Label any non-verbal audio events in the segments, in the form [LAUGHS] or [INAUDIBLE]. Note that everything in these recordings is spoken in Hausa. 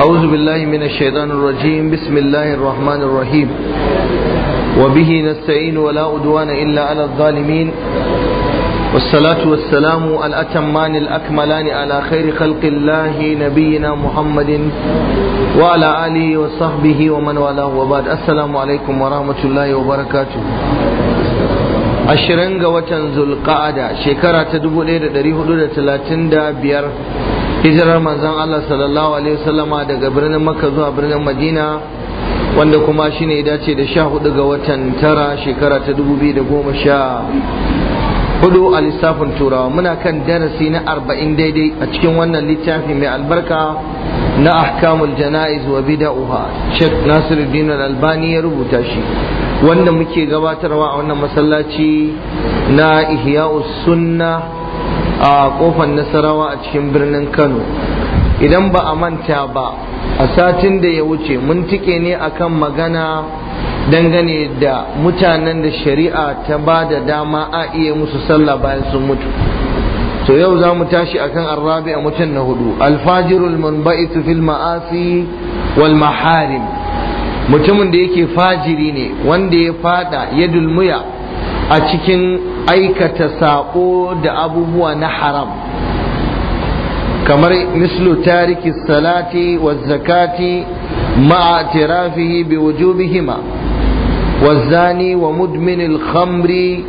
أعوذ بالله من الشيطان الرجيم بسم الله الرحمن الرحيم وبه نستعين ولا عدوان إلا على الظالمين والصلاة والسلام الأتمان الأكملان على خير خلق الله نبينا محمد وعلى آله وصحبه ومن والاه وبعد السلام عليكم ورحمة الله وبركاته ashirin ga watan zulqa'ada shekara ta 1435 hijirar manzon Allah sallallahu alaihi wasallama daga birnin Makka zuwa birnin Madina wanda kuma shi ne dace da sha hudu ga watan tara shekara ta dubu biyu da goma sha hudu a lissafin turawa muna kan darasi na arba'in daidai a cikin wannan littafi mai albarka na ahkamul jana'iz wa bida'uha Sheikh Nasiru Al-Albani ya rubuta shi wanda muke gabatarwa a wannan masallaci na Ihya'us sunna. a kofar nasarawa a cikin birnin kano idan ba a manta ba a satin da ya wuce mun tike ne akan magana dangane da mutanen da shari'a ta ba da dama a iya musu sallah bayan sun mutu to yau za mu tashi akan arrabi a mutum na hudu alfajirul munba'itu fil ma'asi wal maharim mutumin da yake fajiri ne wanda ya fada ya dulmuya a cikin aikata saƙo da abubuwa na haram kamar mislu tariki salati wa zakati ma'a tirafihi bi wujubihima wa zani wa mudmin al-khamri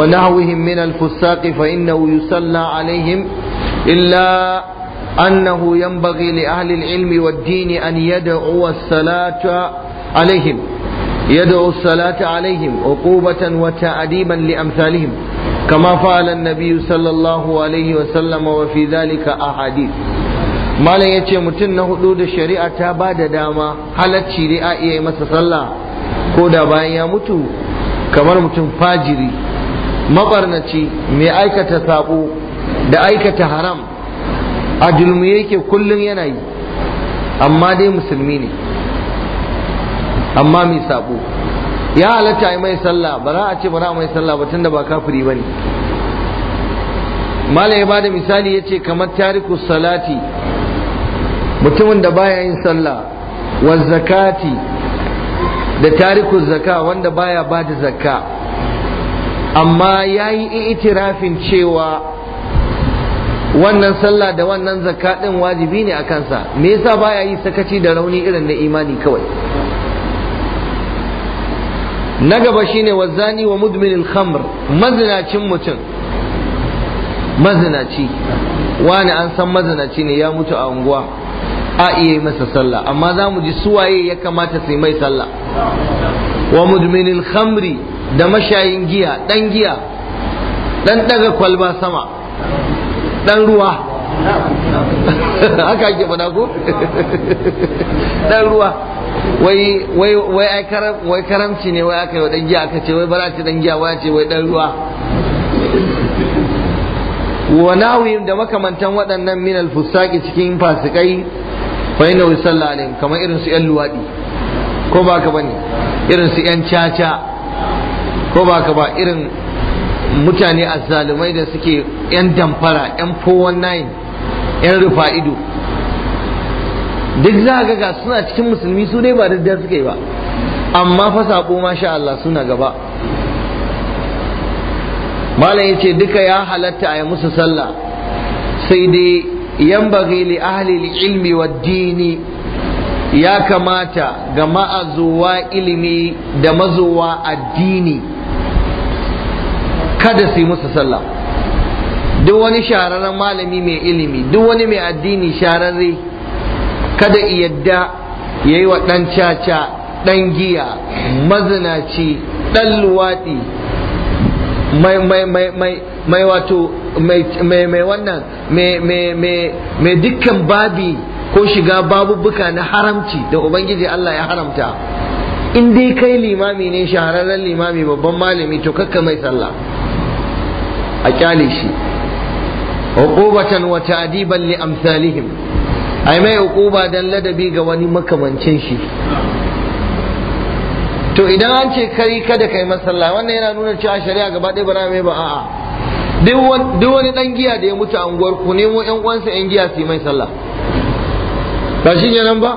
wa nahwihim min al-fusaqi fa innahu yusalla alaihim illa annahu yanbaghi li ahli al-ilmi wad-din an yad'u as-salata alaihim يدعو الصلاة عليهم عقوبة وتأديبا لأمثالهم كما فعل النبي صلى الله عليه وسلم وفي ذلك أحاديث ما لا يتي متن حدود الشريعة بعد داما حالت شريعة إيه مسا صلى كودا باين يموتو كما متن فاجري مقرنتي مي أيكة ثابو دا أيكة حرام أجل dulmiye كل kullum أما دي مسلميني amma mai sabo ya halatta yi mai sallah ba za a ce ba za a mai sallah ba tunda ba kafiri ba ne malam ya bada misali ya ce kamar tariku salati mutumin da baya yin sallah wa zakati da tariku zaka wanda baya ba da zakka amma ya yi itirafin cewa wannan sallah da wannan zakka din wajibi ne a kansa me yasa baya yi sakaci da rauni irin na imani kawai na gaba shine wazani wa mudminil khamr mazinacin mutum mazinaci wani an san mazinaci ne ya mutu a unguwa a iya masa sallah amma za mu ji suwaye ya kamata su yi mai sallah wa mudminil khamri da mashayin giya dan giya dan daga kwalba sama dan ruwa haka ake fada ko dan ruwa wai wai wai ai karam wai karamci ne wai aka yi dan giya aka ce wai bara ci dan giya wai ce wai dan ruwa wa nawim da makamantan waɗannan min al-fusaqi cikin fasikai fa inna yusalla alaihim kamar irin su yan luwadi ko ba ka bane irin su yan caca ko ba ka ba irin mutane azzalumai da suke yan damfara yan 419 'yan rufa ido duk za ga ga suna cikin musulmi su dai ba da suka yi ba amma fa sabo masha Allah suna gaba malam yace duka ya halatta a yi musu sallah sai dai yan bagi li ahli ilmi wa dini ya kamata ga ma'azuwa ilimi da mazuwa addini kada su yi musu sallah duk wani shahararren malami mai ilimi duk wani mai addini shahararre kada yadda ya yi wa ɗan caca ɗan giya mazinaci ɗan luwaɗi mai mai wato mai wannan mai dukkan babi ko shiga babubuka na haramci da ubangiji Allah ya haramta in dai kai limami ne shahararren limami babban malami to kakka mai sallah a kyale shi uqubatan wa ta'diban li amsalihim ai mai uquba dan ladabi ga wani makamancin shi to idan an ce kai kada kai masalla wannan yana nuna cewa shari'a gaba ɗaya ba mai ba a'a duk wani dan giya da ya mutu a unguwar ku nemo yan uwansa yan giya su mai sallah ba shi nan ba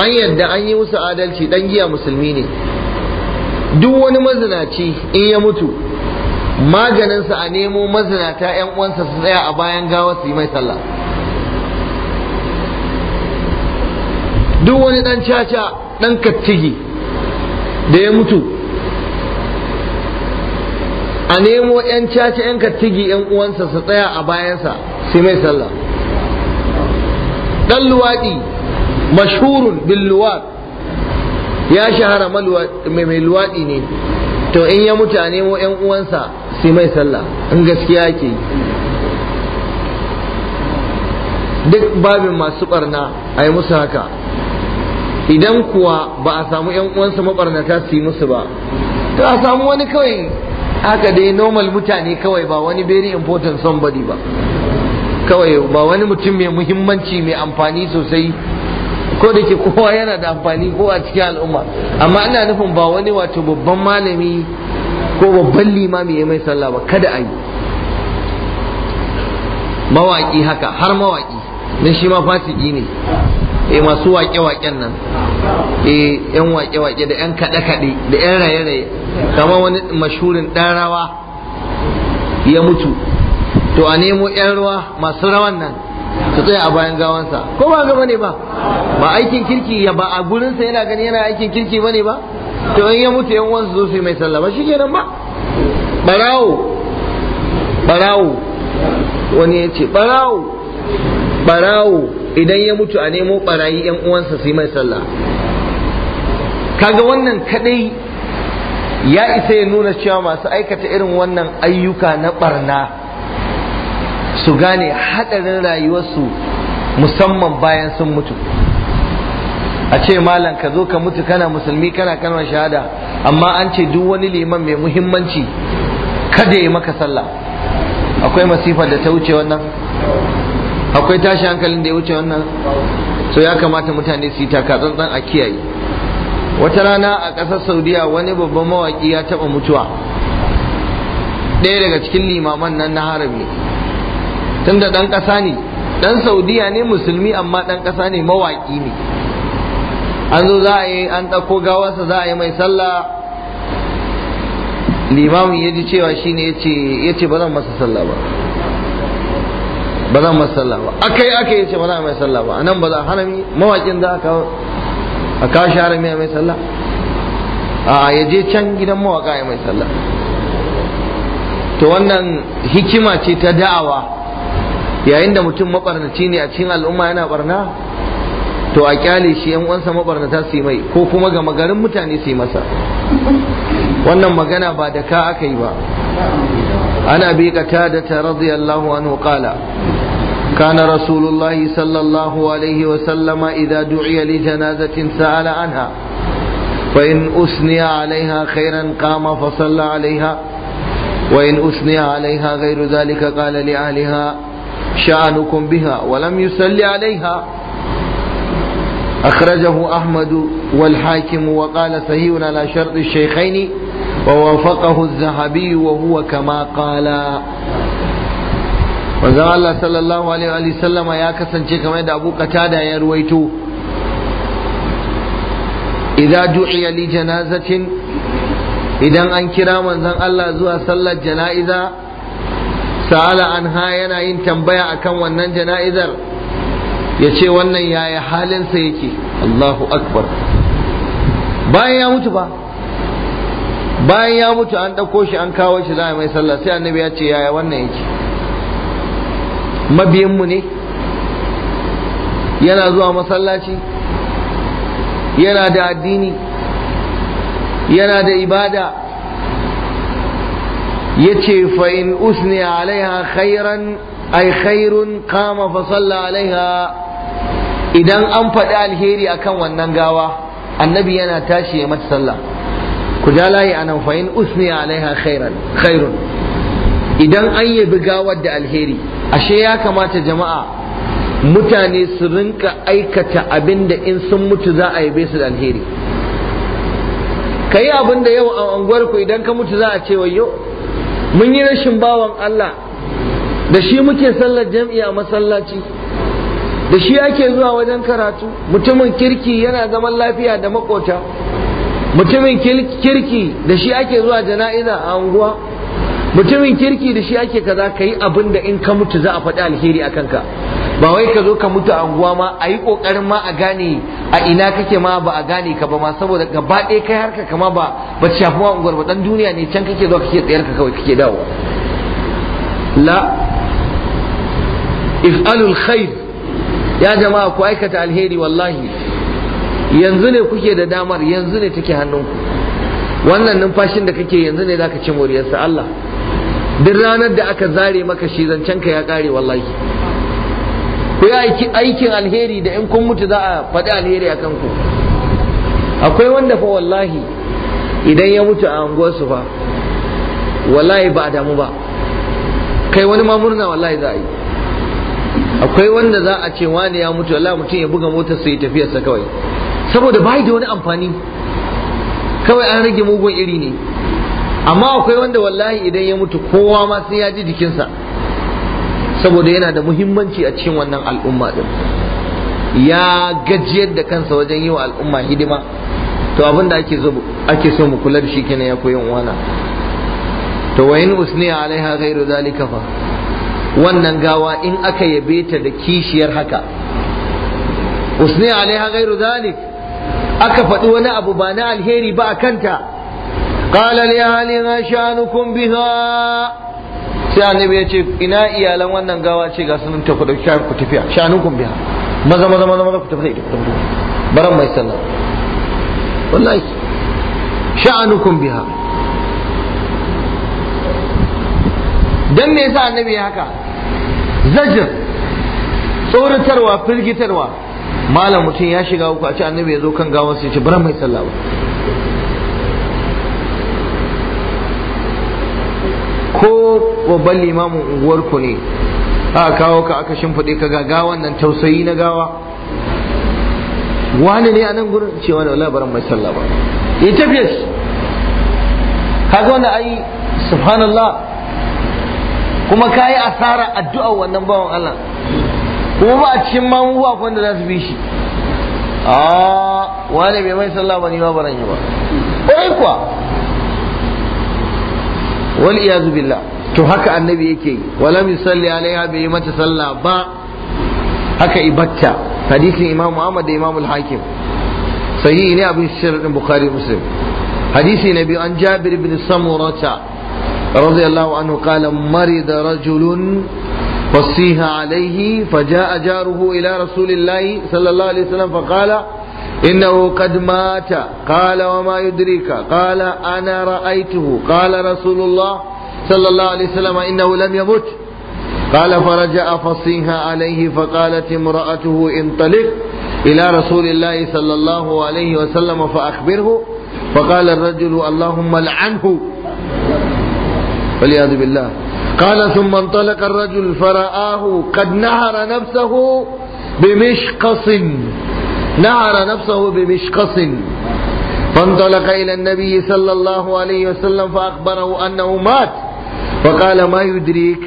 an yadda an yi musu adalci dan giya musulmi ne duk wani mazinaci in ya mutu maganinsa a nemo mazinata 'yan uwansa su tsaya a bayan gawa su yi mai sallah duk wani dan caca dan kattigi da ya mutu a nemo 'yan caca 'yan kattigi 'yan uwansa su tsaya a bayansa su mai sallah dan luwaɗi mashhurun bil luwaɗ ya shahara mai luwaɗi ne to in ya mutu a nemo 'yan uwansa sai mai sallah in gaskiya ke duk babin masu barna a yi musu haka idan kuwa ba a samu yan uwansa mabarnata su yi musu ba to a samu wani kawai haka dai normal mutane kawai ba wani very important somebody ba kawai ba wani mutum mai muhimmanci mai amfani sosai ko da ke kowa yana da amfani ko a cikin al'umma amma ina nufin ba wani wato babban malami ko babban limami ya mai sallah ba kada a yi mawaƙi haka har mawaƙi na shi ma fasiki ne e masu waƙe-waƙen nan e eh, yan waƙe-waƙe da yan kaɗe-kaɗe da yan raye-raye kamar wani mashurin ɗan rawa ya mutu to a nemo yan ruwa masu rawan nan su tsaya a bayan gawansa ko ba gaba ne ba ba aikin kirki ya ba a gurinsa yana gani yana aikin kirki ba ne ba to in ya mutu yan uwansa zo su mai sallah ba shi kenan ba barawo barawo wani ya ce barawo barawo idan ya mutu a nemo barayi yan uwansa su yi mai sallah kaga wannan kadai ya isa ya nuna cewa masu aikata irin wannan ayyuka na barna su gane hadarin rayuwarsu musamman bayan sun mutu a ce malam ka zo ka mutu kana musulmi kana kalmar shahada amma an ce duk wani liman mai muhimmanci kada ya maka sallah akwai masifar da ta wuce wannan akwai tashi hankalin da ya wuce wannan so ya kamata mutane su yi taka tsantsan a kiyaye wata rana a ƙasar saudiya wani babban mawaƙi ya taɓa mutuwa ɗaya daga cikin limaman nan na harami tunda ɗan ƙasa ne ɗan saudiya ne musulmi amma ɗan ƙasa ne mawaƙi ne an zo za a yi an ɗauko gawarsa za a yi mai sallah limamin ya ji cewa shi ne ya ce ba zan masa sallah ba ba zan masa sallah ba akai akai ya ce ba zan mai sallah ba anan ba za a harami mawakin da aka a kashi harami ya mai sallah a ya je can gidan mawaƙa ya mai sallah to wannan hikima ce ta da'awa yayin da mutum mabarnaci ne a cikin al'umma yana barna to a kyale shi yan mabarnata su yi mai ko kuma ga magarin mutane su yi masa wannan magana ba da ka aka yi ba ana bi da ta radiyallahu anhu qala kana rasulullah sallallahu alaihi wa sallama idza du'iya li janazatin sa'ala anha fa in usniya alaiha khairan qama fa salla alaiha wa in usniya alaiha ghairu zalika qala li ahliha sha'anukum biha wa lam yusalli alaiha أخرجه أحمد والحاكم وقال صحيح على شرط الشيخين ووافقه الذهبي وهو كما قال manzon Allah sallallahu alaihi wa sallama ya kasance kamar yadda Abu Qatada ya ruwaito idza du'iya li janazatin idan an kira manzan Allah zuwa sallar jana'iza sa'ala anha yana yin tambaya akan wannan jana'izar ya ce wannan yaya halinsa yake Allahu akbar bayan ya mutu ba bayan ya mutu an ɗauko shi an kawo shi za a mai sallah sai annabi ya ce yaya wannan yake mabiyinmu ne yana zuwa masallaci yana da addini yana da ibada ya ce fa'in usni alaiha khairan ai khairun kama fasalla alaiha idan an faɗi alheri a kan wannan gawa annabi yana tashi ya mata sallah ku ja layi anan fa in usni alaiha khairun idan an yabi gawar da alheri ashe ya kamata jama'a mutane su rinka aikata abinda in sun mutu za a yabe su da alheri ka yi abin da yau a unguwarku idan ka mutu za a ce wayo mun yi rashin bawan Allah da shi muke sallar jam'i a masallaci da shi ake zuwa wajen karatu mutumin kirki yana zaman lafiya da makota mutumin kirki da shi ake zuwa jana'iza a unguwa mutumin kirki da shi ake kaza ka yi abin da in ka mutu za a faɗi alheri a kanka ba wai ka zo ka mutu a unguwa ma a yi ƙoƙarin ma a gane a ina kake ma ba a gane ka ba ma saboda gaba ɗaya kai harka kama ba ba ta shafi ma unguwar ba ɗan duniya ne can kake zuwa kake tsayar ka kawai kake dawo la alul khair ya jama'a ku aikata alheri wallahi yanzu ne kuke da damar yanzu ne take hannunku wannan numfashin da kake yanzu ne zaka ci moriyarsa Allah duk ranar da aka zare maka shi zancenka ya kare wallahi ku yi aikin alheri da in kun mutu za a faɗi alheri a kanku akwai wanda fa wallahi idan ya mutu a unguwarsu fa wallahi ba a damu ba kai wani ma murna wallahi za a yi akwai wanda za a ce wani ya mutu Allah mutum ya buga motar sai tafiyarsa kawai saboda bai da wani amfani kawai an rage mugun iri ne amma akwai wanda wallahi idan ya mutu kowa ma sai ya ji jikinsa saboda yana da muhimmanci a cikin wannan al'umma din ya gajiyar da kansa wajen yi wa al'umma hidima to abin da ake so mu kula da shi kenan ya koyi wana to wa usniya alaiha ghairu zalika fa wannan gawa in aka yabe ta da kishiyar haka usni alaiha ghairu zalik aka faɗi wani abu ba na alheri ba a kanta qala li ahliha shanukum biha sai annabi ya ce ina iyalan wannan gawa ce ga sunan ta ku dauki ku tafiya shanukum biha maza maza maza maza ku tafi da ita baran mai sallah wallahi sha'anukum biha dan me yasa annabi haka zajir tsoratarwa firgitarwa malam mutum ya shiga uku a ce annabi ya zo kan gawan sai ce bara mai sallah ba ko babban limamin unguwarku ne aka kawo ka aka shimfiɗe ka ga gawan nan tausayi na gawa wani ne a nan gurin cewa da wala baran mai sallah ba ya tafiya kaga wanda ai subhanallah kuma ka yi asara addu'a wannan bawan Allah kuma ba a cikin mamuwa wanda za su bi shi a wani bai mai sallah ba ni ma baran yi ba ƙwarai kuwa wal iyazu billah to haka annabi yake yi wala min salli alaiha bai yi mata sallah ba haka ibatta hadisin imam Muhammad da imam al-Hakim sahihi ne abin shirin Bukhari Muslim hadisi na biyu an Jabir ibn Samurata رضي الله عنه قال مرض رجل فصيها عليه فجاء جاره إلى رسول الله صلى الله عليه وسلم فقال إنه قد مات قال وما يدريك قال أنا رأيته قال رسول الله صلى الله عليه وسلم إنه لم يمت قال فرجع فصيها عليه فقالت امرأته انطلق إلى رسول الله صلى الله عليه وسلم فأخبره فقال الرجل اللهم لعنه والعياذ بالله قال ثم انطلق الرجل فرآه قد نهر نفسه بمشقص نهر نفسه بمشقص فانطلق إلى النبي صلى الله عليه وسلم فأخبره أنه مات فقال ما يدريك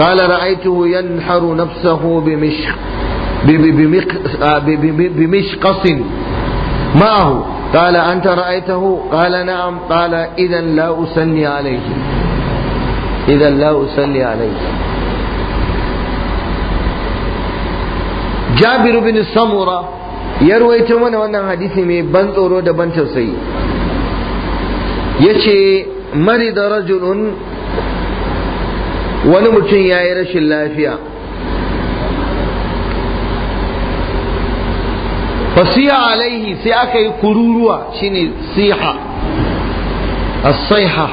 قال رأيته ينحر نفسه بمشق آه، بمشقص معه قال أنت رأيته قال نعم قال إذا لا أسني عليه idan la bin Samura ya ruwaito mana wannan hadisi mai ban tsoro da ban tausayi yace marida rajulun wani mutum ya yi rashin lafiya fasiya alaihi sai aka yi kururuwa shine siha as-saiha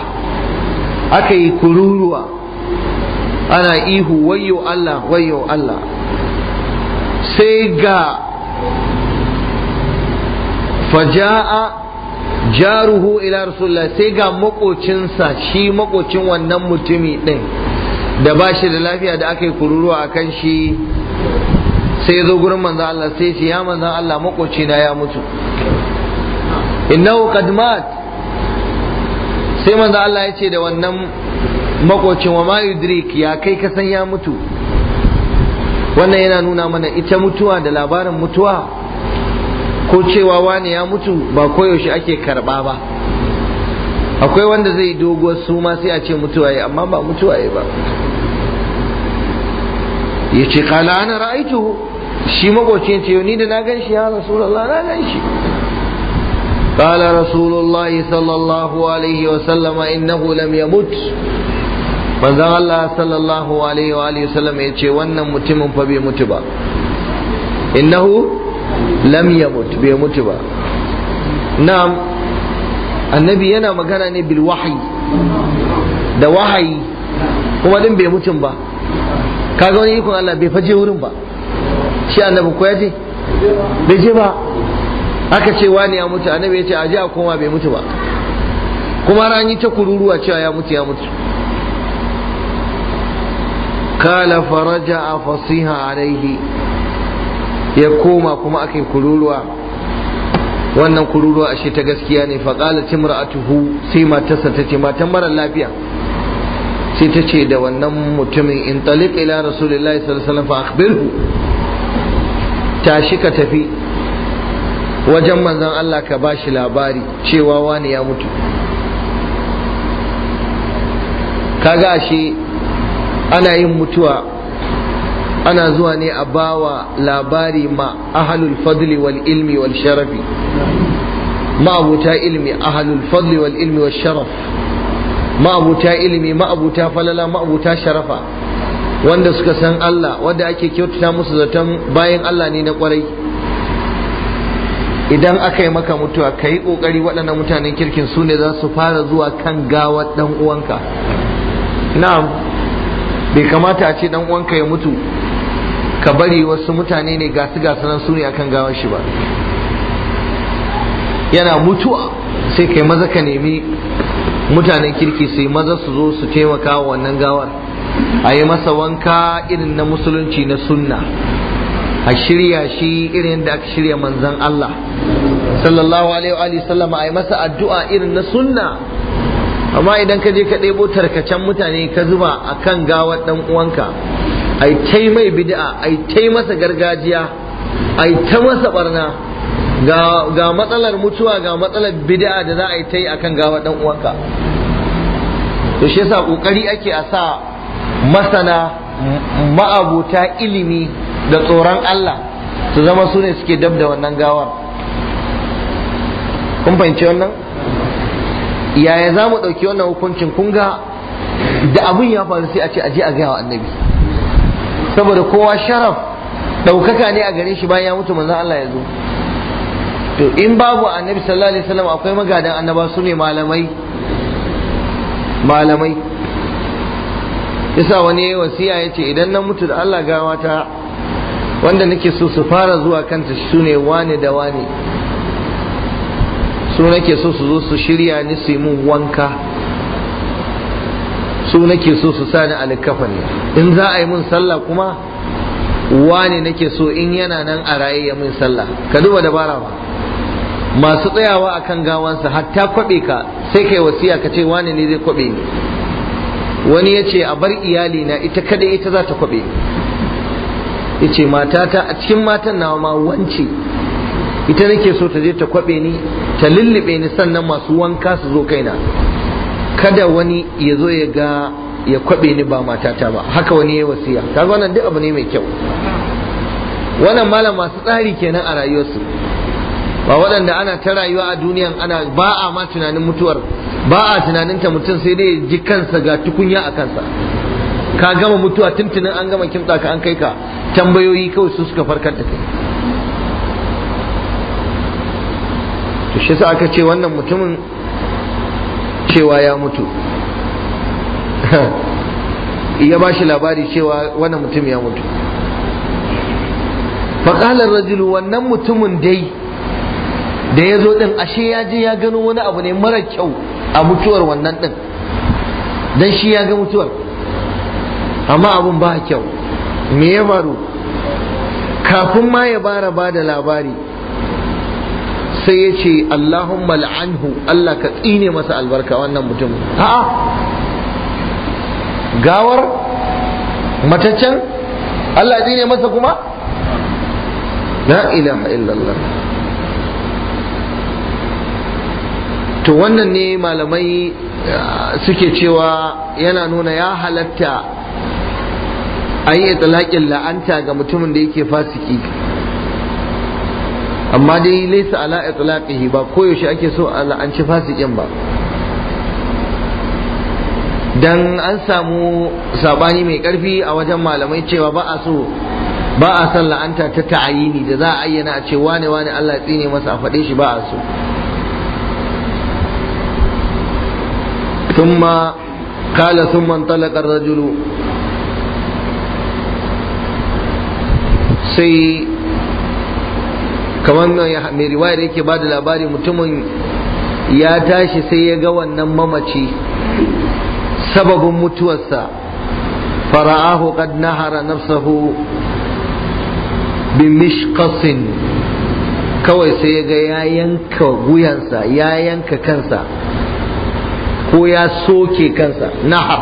aka yi kururuwa ana ihu wayo Allah wayo Allah sai ga faja'a jaruhu ila rasulullah sai ga makocinsa shi makocin wannan mutumi ɗin da ba shi da lafiya da aka yi kururuwa a kan shi sai zo gurin Allah sai shi ya manza Allah makocina ya mutu innahu qad mat sai manzo Allah ya ce da wannan makocin wa ma ya kai ka san ya mutu wannan yana nuna mana ita mutuwa da labarin mutuwa ko cewa wani ya mutu ba koyaushe ake karba ba akwai wanda zai dogo su ma sai a ce mutuwa ya amma ba mutuwa ya ba ya ce kala ana ra'aitu shi makocin ce ni da na gan shi ya rasulullah na gan shi قال رسول الله صلى الله عليه وسلم إنه لم يمت manzon Allah sallallahu alaihi wa alihi wasallam ya ce wannan mutumin fa bai mutu ba innahu lam yamut bai mutu ba na'am yana magana ne bil wahyi da wahayi kuma din bai mutum ba kaga wani ikon Allah bai faje wurin ba shi annabi ko ya je bai je ba aka ce wani ya mutu annabi ya ce a ji a koma bai mutu ba kuma ran ta kururuwa cewa ya mutu ya mutu kala faraja a fasiha alaihi ya koma kuma aka yi kururuwa wannan kururuwa ashe ta gaskiya ne faƙala tuhu sai matarsa ta ce matan mara lafiya sai ta ce da wannan mutumin in taliq ila rasulillahi sallallahu alaihi wasallam fa akhbirhu tashi ka tafi wajen manzan Allah ka ba shi labari cewa wani ya mutu kaga ashe ana yin mutuwa ana zuwa ne a bawa labari ma ahalul fadli wal ilmi wal sharafi ma'abuta ilmi ahalul fadli wal ilmi wal sharaf ma'abuta ilmi ma'abuta falala ma'abuta sharafa wanda suka san Allah wanda ake kyautata musu zaton bayan Allah ne na kwarai idan aka yi maka mutuwa ka yi ƙoƙari waɗannan mutanen kirkin su ne za su fara zuwa kan gawar ɗan uwanka na'am bai kamata a ce ɗan uwanka ya mutu ka bari wasu mutane ne gasu gasu nan su ne akan gawar shi ba yana mutuwa sai kai maza ka nemi mutanen kirki su yi maza su zo su taimaka wa wannan gawar a yi masa wanka irin na musulunci na sunna a shirya shi irin da aka shirya manzan Allah sallallahu alaihi wa sallama a masa addu'a irin na sunna amma idan ka je ka ɗebo tarkacen mutane ka zuba akan kan gawar ɗan uwanka ai ta mai bid'a ai ta masa gargajiya ai ta masa barna ga matsalar mutuwa ga matsalar bid'a da za a yi ta akan gawar ɗan uwanka to shi yasa ƙoƙari ake a sa masana ma'abuta ilimi da tsoron Allah su zama su ne suke dab da wannan gawar kun fahimci wannan yaya za mu ɗauki wannan hukuncin kun ga da abin ya faru sai a ce aje a gaya wa annabi saboda kowa sharaf ɗaukaka ne a gare shi bayan ya mutu manzon Allah ya zo to in babu annabi sallallahu alaihi wasallam akwai magadan annaba su ne malamai malamai yasa wani wasiya ya ce idan na mutu da Allah gawata wanda nake so su fara zuwa kanta su ne wane da wane su nake so su zo su shirya ni su yi mun wanka su nake so su sani alikafa ne in za a yi mun sallah kuma wane nake so in yana nan a raye ya mun sallah ka duba dabara ba masu tsayawa a kan gawansa hatta kwaɓe ka sai kai wasiya ka ce wane ne zai kwaɓe ni wani ya ce a bar iyali na ita kada ita za ta kwaɓe ya ce matata a cikin matan nawa ma wance ita nake so ta je ta kwaɓe ni ta lullube ni sannan masu wanka su zo kaina kada wani ya zo ya ga ya kwabe ni ba matata ba haka wani ya wasiya ta wannan duk abu ne mai kyau wannan malam masu tsari kenan a rayuwarsu ba waɗanda ana ta rayuwa a duniyan ana ba a ma tunanin mutuwar ba a tunanin ta mutum sai dai ya ji kansa ga tukunya a kansa ka gama mutuwa tuntunin an gama kimtsa ka an kai ka tambayoyi kawai su suka farkar da kai to shi aka ce wannan mutumin cewa ya mutu [LAUGHS] ya ba shi labari cewa wannan mutum ya mutu faƙalar rajulu wannan mutumin dai da ya zo ɗin ashe ya je ya gano wani abu ne mara kyau a mutuwar wannan ɗin don shi ya ga mutuwar amma abun ba kyau me ya faru kafin ma ya bara ba da labari sai ya ce Allahumma la'anhu Allah ka tsine masa albarka wannan mutum a'a gawar mataccen Allah tsine masa kuma la ilaha illallah to wannan ne malamai eh, suke cewa yana nuna ya halatta an yi talakin la'anta ga mutumin da yake fasiki amma dai laisa ala itlaqihi ba koyaushe ake so a la'anci fasikin ba dan an samu sabani mai karfi a wajen malamai cewa ba a so ba a san la'anta ta ta'ayini da za a ayyana a ce wane wane Allah ya tsine masa a faɗe shi ba a so ثم قال ثم انطلق الرجل sai kamar mai riwayar yake ba da labari mutumin ya tashi sai ya ga wannan mamaci sababin mutuwarsa fara'ahu qad nahara nafsahu mishqasin kawai sai ya ga ya yanka wuyansa ya yanka kansa ko ya soke kansa nahar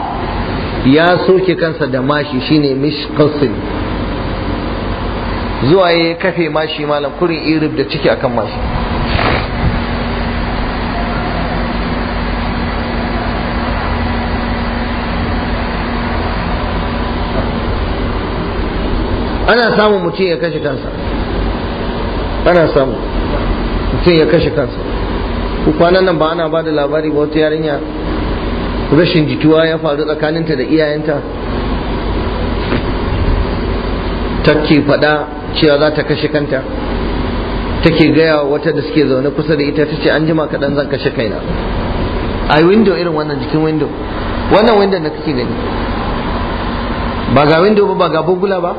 ya soke kansa da mashi shine mishqasin zuwa ya kafe mashi malam kurin irib da ciki akan mashi ana samun mutum ya kashe kansa ana samun mutum ya kashe kansa kwanan nan ba ana ba da labari ba wata yarinya rashin jituwa ya faru tsakaninta da iyayenta take faɗa cewa za ta kashe kanta take gaya wata da suke zaune kusa da ita ta ce an jima kaɗan zan kashe kaina a window irin wannan jikin window wannan window da kake gani ba ga window ba ba ga bugula ba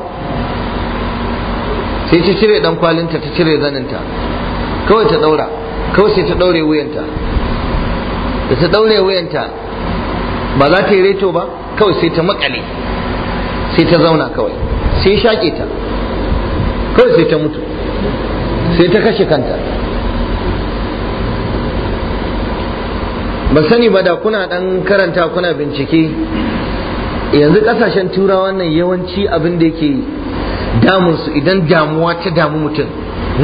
sai ta cire dan kwalinta ta cire zaninta kawai ta daura kawai sai ta daure wuyanta da ta daure wuyanta ba za ta yi reto ba kawai sai ta makale sai ta zauna kawai sai shaƙe ta kawai sai ta mutu sai ta kashe kanta ba sani ba da kuna dan karanta kuna bincike yanzu kasashen turawa nan yawanci abin da yake damunsu idan damuwa ta damu mutum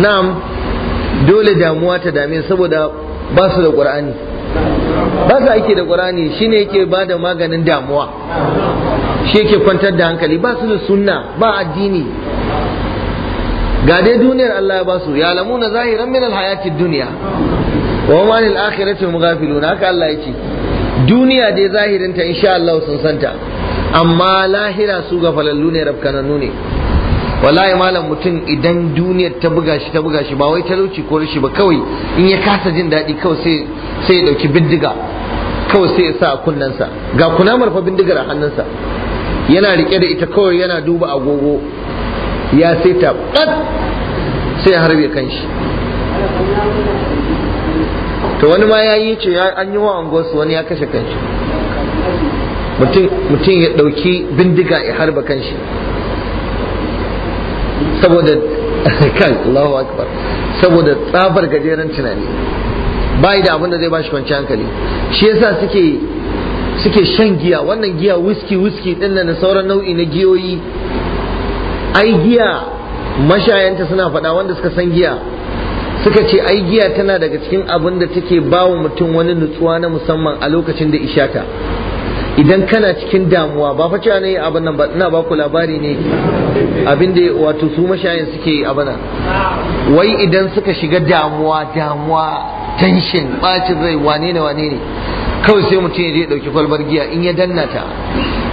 na'am dole damuwa ta dame saboda ba su da ƙur'ani ba su ake da ƙur'ani shine yake ba da maganin damuwa shi yake kwantar da hankali ba su da sunna ba addini ga dai duniyar Allah ya basu ya lamu na zahiran min alhayati duniya wa ma lil akhirati mughafiluna haka Allah yake duniya dai zahirin ta insha Allah sun santa amma lahira su ga falallu ne rabkananu ne wallahi malam mutum idan duniyar ta buga shi ta buga shi ba wai talauci ko rashi ba kawai in ya kasa jin daɗi kawai sai sai ya dauki bindiga kawai sai ya sa a kunnensa ga kunamar fa bindigar a hannunsa yana rike da ita kawai yana duba agogo ya ta ɓat sai harbe kan shi to wani ma ya yi ce an yi wa angosu wani ya kashe kan shi mutum ya ɗauki bindiga ya harba kan shi saboda [LAUGHS] kan Allahu akbar saboda tsabar gajeren tunani bai da abin da zai bashi kwanci hankali shi yasa suke suke shan giya wannan giya whisky whisky din na sauran nau'i na giyoyi ai giya mashayanta suna faɗa wanda suka san giya suka ce ai giya tana daga cikin abin da take ba wa mutum wani nutsuwa na musamman a lokacin da ishata idan kana cikin damuwa ba fa cewa ne abin nan ba ina ba ku labari ne abin da wato su mashayin suke yi abin nan wai idan suka shiga damuwa damuwa tension bacin rai wane ne wane ne kawai sai mutum ya je dauki kwalbar giya in ya danna ta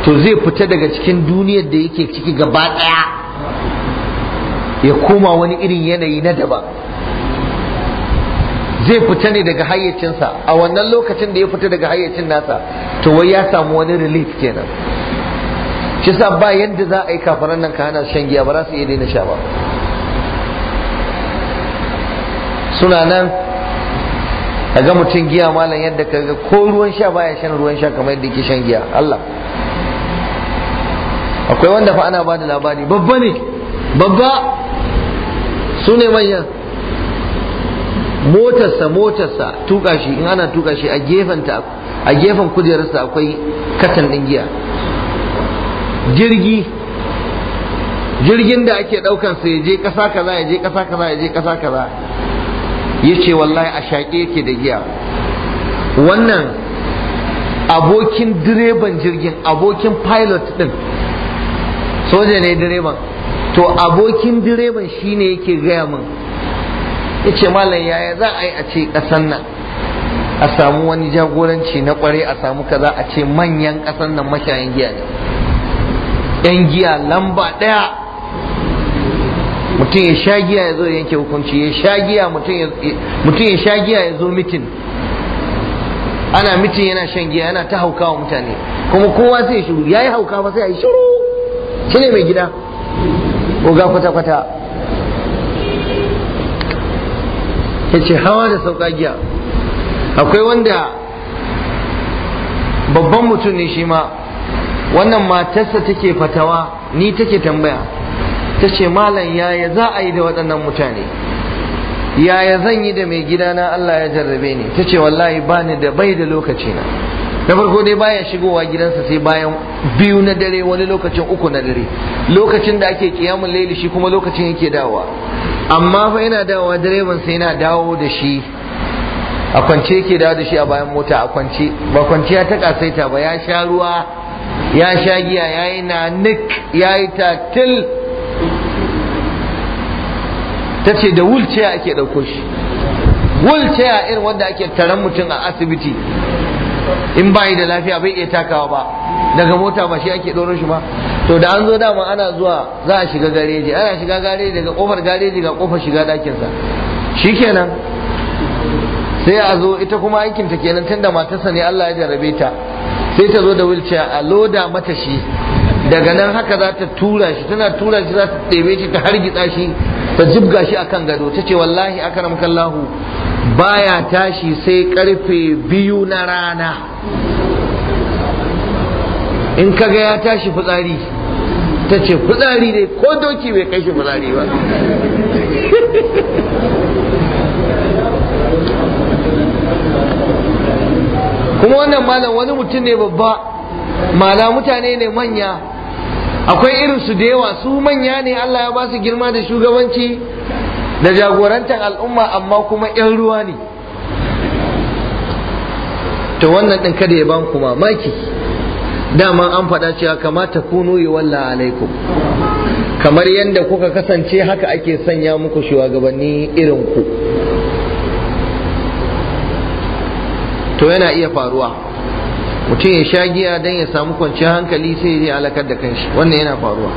to zai fita daga cikin duniyar da yake ciki gaba daya ya koma wani irin yanayi na daban zai fita ne daga hayyacinsa a wannan lokacin da ya fita daga hayyacin nasa to wai ya samu wani relief kenan shi sa ba yadda za a yi kafaran nan ka hana shan giya ba za su iya daina sha ba suna nan a ga mutum giya malam yadda ka ga ko ruwan sha baya shan ruwan sha kamar yadda ki shan giya Allah akwai wanda fa ana ba da labari babba ne babba su ne manya motarsa motarsa tuka shi in ana tuka shi a gefen kujerarsa akwai katan ɗin giya jirgi jirgin da ake ɗaukan ya je ƙasa kaza ya je ƙasa kaza ya je ƙasa kaza ya ce wallahi a shaƙe yake da giya wannan abokin direban jirgin abokin pilot din soja ne direban to abokin direban shine yake gaya min ya ce malam yaya za a yi a ce ƙasan nan a samu wani jagoranci na kware a samu kaza a ce manyan ƙasan nan mashayan giya ne yan giya lamba ɗaya mutum ya sha giya ya zo yanke hukunci ya sha giya mutum ya sha giya ya zo mitin ana mitin yana shan giya yana ta hauka wa mutane kuma kowa sai shuru ya yi hauka ba sai ya yi shiru shi ne mai gida Goga kwata-kwata ya ce hawa da sauka giya akwai wanda babban mutum ne shi ma wannan matarsa take fatawa ni take tambaya ta ce malam yaya za a yi da waɗannan mutane yaya zan yi da mai gidana Allah ya jarrabe ni ta ce wallahi ba ni da bai da lokacina. na farko dai baya shigowa gidansa sai bayan biyu na dare wani lokacin uku na dare lokacin da ake kiyamun laili shi kuma lokacin yake dawa amma fa yana dawa direban sai yana dawo da shi a kwance yake dawo da shi a bayan mota a kwance ba kwanciya ta kasaita ba ya sha ruwa ya sha giya ya yi na nik ya yi tatil ta ce da wulce ake ɗauko shi wulce irin wanda ake taron mutum a asibiti in ba yi da lafiya bai iya takawa ba daga mota ba shi ake ɗoron shi ba to da an zo dama ana zuwa za a shiga gareji ana shiga gareji daga kofar gareji ga kofar shiga ɗakinsa shikenan sai a zo ita kuma aikin ta kenan tunda matarsa ne Allah ya jarabe ta sai ta zo da wilciya a loda mata shi daga nan haka za ta tura shi tana tura shi za ta ɗebe shi ta hargitsa shi ta jibga shi akan gado ta ce wallahi akaram kallahu baya tashi sai karfe biyu na rana in kaga ya tashi fitsari ta ce fitsari ne ko doki bai kai shi fitsari ba kuma wannan malam wani mutum ne babba mana mutane ne manya akwai irin da yawa su manya ne Allah ya ba su girma da shugabanci da jagorantar al'umma amma kuma 'yan ruwa ne to wannan ɗin kada ya ban ku mamaki dama an faɗa cewa kamata kunu yi walla alaikum kamar yadda kuka kasance haka ake sanya muku shugabanni irin ku to yana iya faruwa mutum ya sha giya don ya samu kwanciyar hankali sai ya alakar da kanshi wannan yana faruwa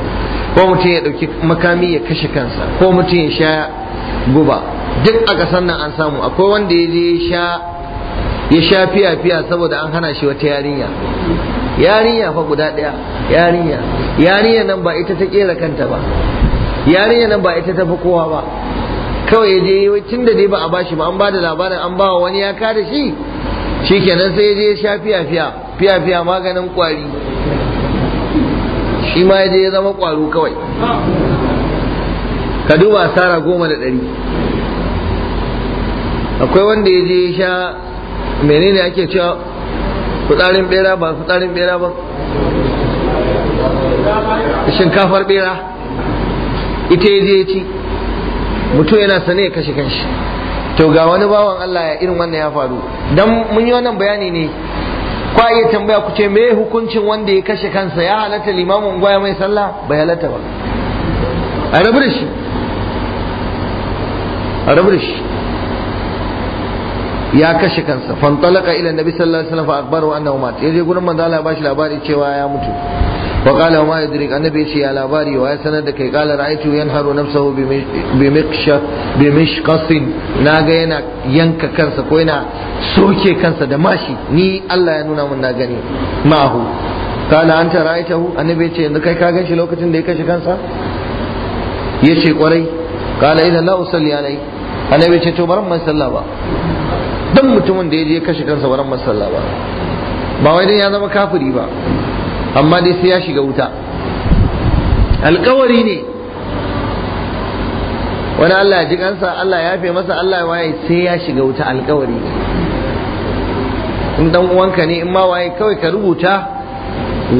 ko mutum ya ɗauki makami ya kashe kansa ko mutum ya sha guba duk a ƙasar nan an samu akwai wanda ya je ya sha fiya fiya saboda an hana shi wata yarinya yarinya fa guda ɗaya yarinya yarinya nan ba ita ta kera kanta ba yarinya nan ba ita ta fi kowa ba kawai ya je tun da dai ba a bashi ba an ba da labarin an ba wani ya kada shi shikenan sai ya je ya sha fiya fiya fiya fiya maganin kwari shi ma ya je ya zama kwaro kawai ka duba asara goma da ɗari akwai wanda ya je sha menene ake cewa fitsarin bera ba fitsarin bera ba shinkafar bera ita ya je ci mutum yana sane ya kashe kanshi to ga wani bawan Allah ya irin wannan ya faru don mun yi wannan bayani ne kwa iya tambaya ku ce me hukuncin wanda ya kashe kansa ya halatta limamin gwaya mai sallah bai halatta ba a rabu da shi a rabu da shi ya kashe kansa fantalaka ila nabi sallallahu alaihi wasallam fa akbaru annahu mat yaje gurin manzo Allah ya bashi labari cewa ya mutu wa qala ma yadrik annabi yace ya labari waya ya sanar da kai qala ra'aytu yanharu nafsahu bi miqsha bi mishqasin naga yana yanka kansa ko yana soke kansa da mashi ni Allah ya nuna mun na gani ma'ahu qala anta ra'aytahu annabi yace yanzu kai ka ganshi lokacin da ya kashe kansa yace kwarai qala idan ya usalli alai annabi ce to baran mai sallah ba dan mutumin da ya je kashe kansa baran mai sallah ba ba wai dan ya zama kafiri ba amma dai sai ya shiga wuta alkawari ne wani Allah ya ji kansa Allah ya yafe masa Allah ya waye sai ya shiga wuta alkawari ne in dan uwanka ne in ma waye kawai ka rubuta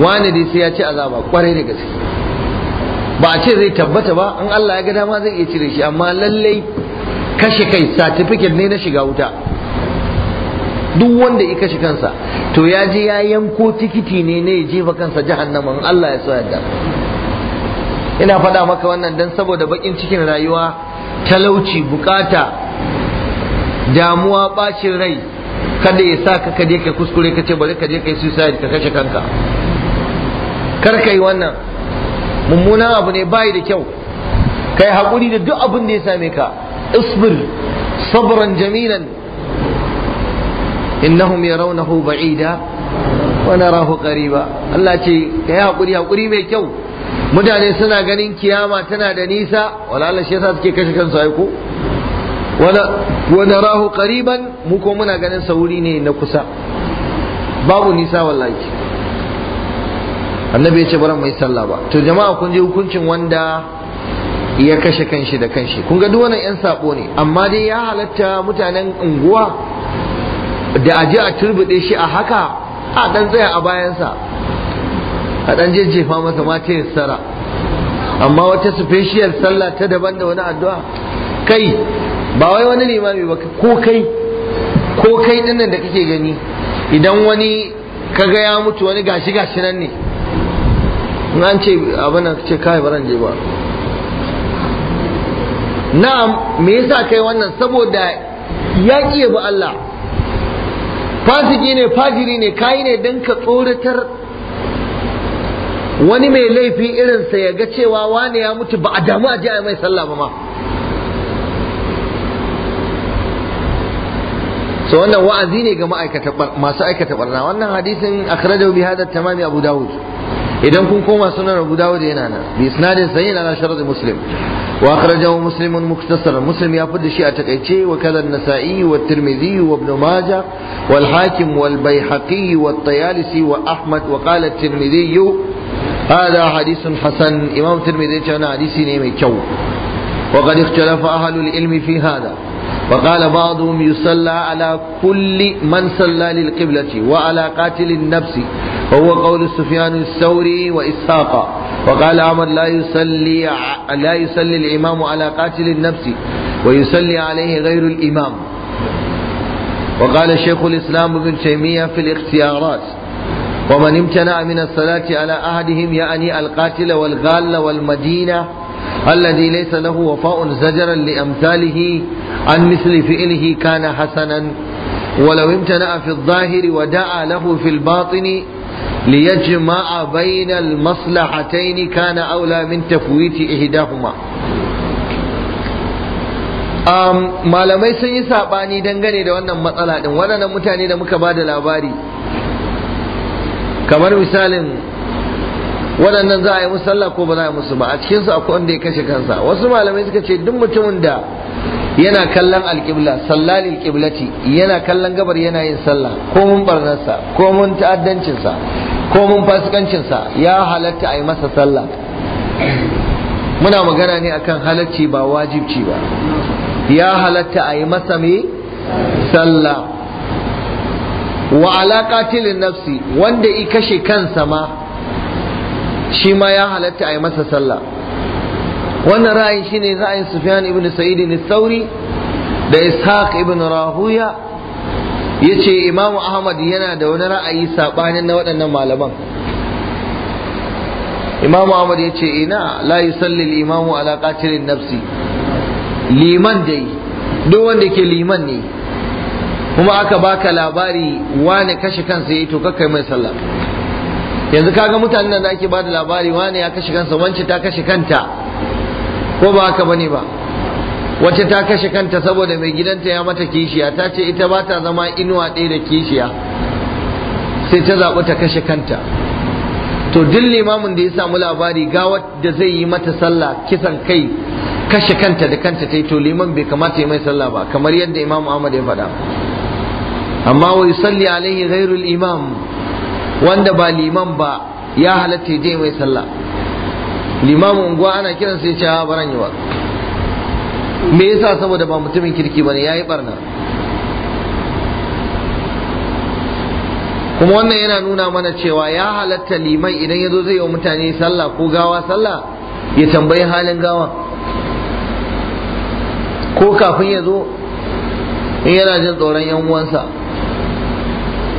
wani dai sai ya ci azaba kwarai da gaske ba a ce zai tabbata ba in Allah ya ga dama zai iya cire shi amma lallai kashe kai certificate ne na shiga wuta duk wanda ya kashe kansa to ya je ya yanko tikiti ne ne ya jefa kansa jahannama in Allah ya so yadda ina faɗa maka wannan dan saboda bakin cikin rayuwa talauci bukata damuwa ɓacin rai kada ya sa ka kaje ka kuskure ka ce bari ka je kai suicide ka kashe kanka kar kai wannan mummunan abu ne bai da kyau kai haƙuri da duk abin da ya same ka اصبر صبرا jamilan. innahum yarawnahu ba'ida wa narahu hakuri hakuri mai kyau mutane suna ganin kiyama tana da nisa wala suke kashe kansu ai ko ne na kusa babu ce bara mai sallah ba to jama'a kun je hukuncin wanda ya kashe kanshi da kanshi kun ga duwannan 'yan sabo ne amma dai ya halatta mutanen unguwa da aje a turbide shi a haka a ɗan tsaya a bayansa a ɗan jejjefa masa mata ya tsara amma wata special sallah ta daban da wani addu'a kai ba wai wani limami ba ko kai ko kai nan da kake gani idan wani ga ya mutu wani gashi gashi nan ne in an ce abin ce kai baran je ba na'am me yasa kai wannan saboda ya kiye ba Allah fasiki ne fajiri ne kai ne dan ka tsoratar wani mai laifi irinsa ya ga cewa wane ya mutu ba a damu a je mai sallah ba ma so wannan wa'azi ne ga ma'aikata masu aikata barna wannan hadisin akhrajahu bi hadha tamami abu dawud idan kun koma sunan Abu Dawud yana nan bi isnadin sahih ala sharh Muslim wa akhrajahu Muslim muktasar Muslim ya fidda shi a takaice wa kaza an-Nasa'i wa Tirmidhi wa Ibn Majah wal Hakim wal Baihaqi wa Tayalisi wa Ahmad wa qala Tirmidhi hada hadithun hasan Imam Tirmidhi ya ce wannan hadisi ne mai kyau wa qad ikhtalafa ahlul ilmi fi hada وقال بعضهم يصلى على كل من صلى للقبلة وعلى قاتل النفس وهو قول سفيان الثوري وإسحاق وقال أحمد لا يصلي لا يصلي الإمام على قاتل النفس ويصلي عليه غير الإمام وقال شيخ الإسلام ابن تيمية في الاختيارات ومن امتنع من الصلاة على أحدهم يعني القاتل والغال والمدينة الذي ليس له وفاء زجرا لأمثاله عن مثل فعله كان حسنا ولو امتنع في الظاهر ودعا له في الباطن ليجمع بين المصلحتين كان أولى من تفويت إحداهما Um, malamai sun yi saɓani dangane da wannan matsala ɗin waɗannan mutane da muka ba da labari kamar misalin waɗannan za a yi musalla ko ba za a yi musu ba a cikinsu akwai wanda ya kashe kansa wasu malamai suka ce duk mutumin da yana kallon alƙibla sallalil alƙiblati yana kallon gabar yana yin sallah ko mun barnarsa ko mun ta'addancinsa ko mun fasikancinsa ya halatta a yi masa sallah muna magana ne akan halacci ba wajibci ba ya halatta a yi masa mai sallah wa tilin nafsi wanda i kashe kansa ma shi ma ya halatta a yi masa sallah wannan ra'ayin shine ra'ayin Sufyan ibn Sa'id al-Thawri da Ishaq ibn Rahuya yace Imam Ahmad yana da wani ra'ayi sabanin na waɗannan malaman Imam Ahmad yace ina la yusalli al-imamu ala qatilin nafsi liman dai duk wanda ke liman ne kuma aka baka labari wane kashe kansa yayi to kakkai mai sallah yanzu kaga mutanen da ake bada labari wane ya kashe kansa wance ta kashe kanta ko ba haka bane ba wacce ta kashe kanta saboda mai gidanta ya mata kishiya ta ce ita ba ta zama inuwa ɗaya da kishiya sai ta zaɓi ta kashe kanta to duk limamin da ya samu labari gawa da zai yi mata sallah kisan kai kashe kanta da kanta ta yi to liman bai kamata ya mai sallah ba kamar yadda imam ahmad ya faɗa amma wai yusalli alaihi ghairul imam wanda ba liman ba ya halatta ya je mai sallah limamin unguwa ana kiran sai ce ha baran yi ba me yasa saboda ba mutumin kirki bane yayi barna kuma wannan yana nuna mana cewa ya halatta liman idan yazo zai yi mutane sallah ko gawa sallah ya tambayi halin gawa ko kafin ya zo in yana jin tsoron yan uwansa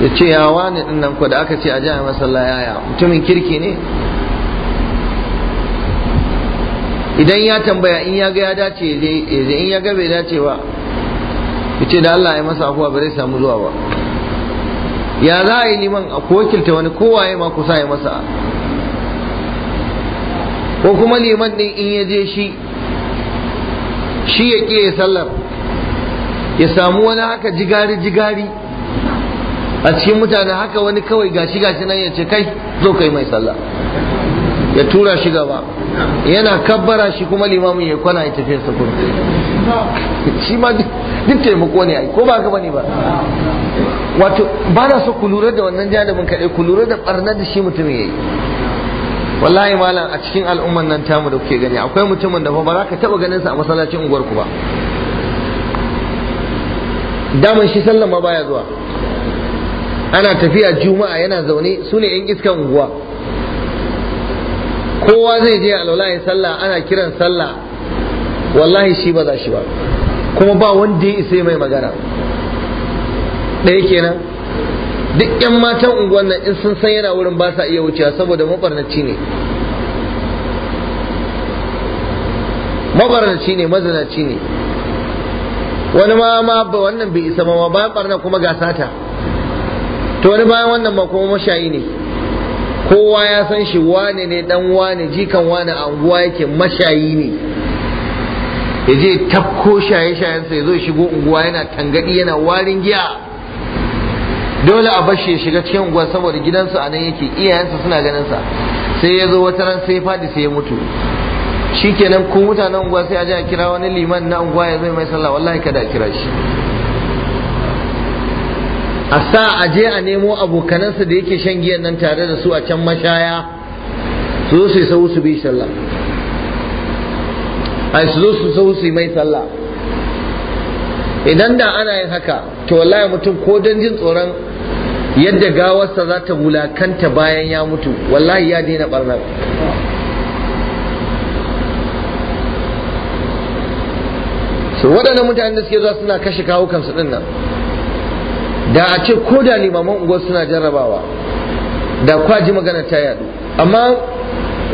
ya ce ya wani ko da aka ce a ji a masalla yaya mutumin kirki ne idan ya tambaya in ya ga ya dace zai in ya ga bai dace ba ya ce da Allah ya masa afuwa ba zai samu zuwa ba ya za a yi liman a kokilta wani kowaye ma kusa ya masa ko kuma liman ɗin in ya je shi shi ya ƙi ya sallar ya samu wani haka jigari-jigari a cikin mutane haka wani kawai gashi-gashi nan ya ce kai zo kai mai sallah ya tura shi gaba yana kabbara shi kuma limamin ya kwana ya tafiya su kuma shi ma duk taimako ne ai ko ba ka bane ba wato ba na so ku lura da wannan janibin kaɗai ku lura da ɓarnar da shi mutum ya yi wallahi malam a cikin al'umman nan tamu da kuke gani akwai mutumin da ba za ka taɓa ganin sa a masallacin unguwar ku ba daman shi sallan ma baya zuwa ana tafiya juma'a yana zaune su ne 'yan iskan unguwa kowa zai je alwala ya sallah ana kiran sallah wallahi shi ba za shi ba kuma ba wanda ya isa mai magana ɗaya kenan duk yan matan unguwan nan in sun san yana wurin ba sa iya wucewa saboda mabarnaci ne mabarnaci ne mazinaci ne wani ma ma wannan bai isa ma ba barna kuma ga to wani bayan wannan ma kuma mashayi ne kowa ya san shi wane ne dan wane jikan wane anguwa yake mashayi ne ya je tafko shaye-shayensa ya zo shigo unguwa yana tangadi yana warin giya dole a bashi ya shiga cikin unguwa saboda gidansu a nan yake iyayensa suna ganin sa sai ya zo wata ran sai fadi sai ya mutu Shi shikenan ko mutanen unguwa sai a je a kira wani liman na unguwa ya zo mai sallah wallahi kada a kira shi a sa a je a nemo abokanansa da yake shan giyan nan tare da su a can mashaya su zo su yi sau su bi sallah ai su zo su sau su yi mai sallah idan da ana yin haka to wallahi mutum ko don jin tsoron yadda gawarsa za ta wulakanta bayan ya mutu wallahi ya daina barnar Su waɗannan mutane da suke zuwa suna kashe kawukansu ɗin nan da a ce ko da limaman unguwar suna jarrabawa da kwaji magana ta yadu amma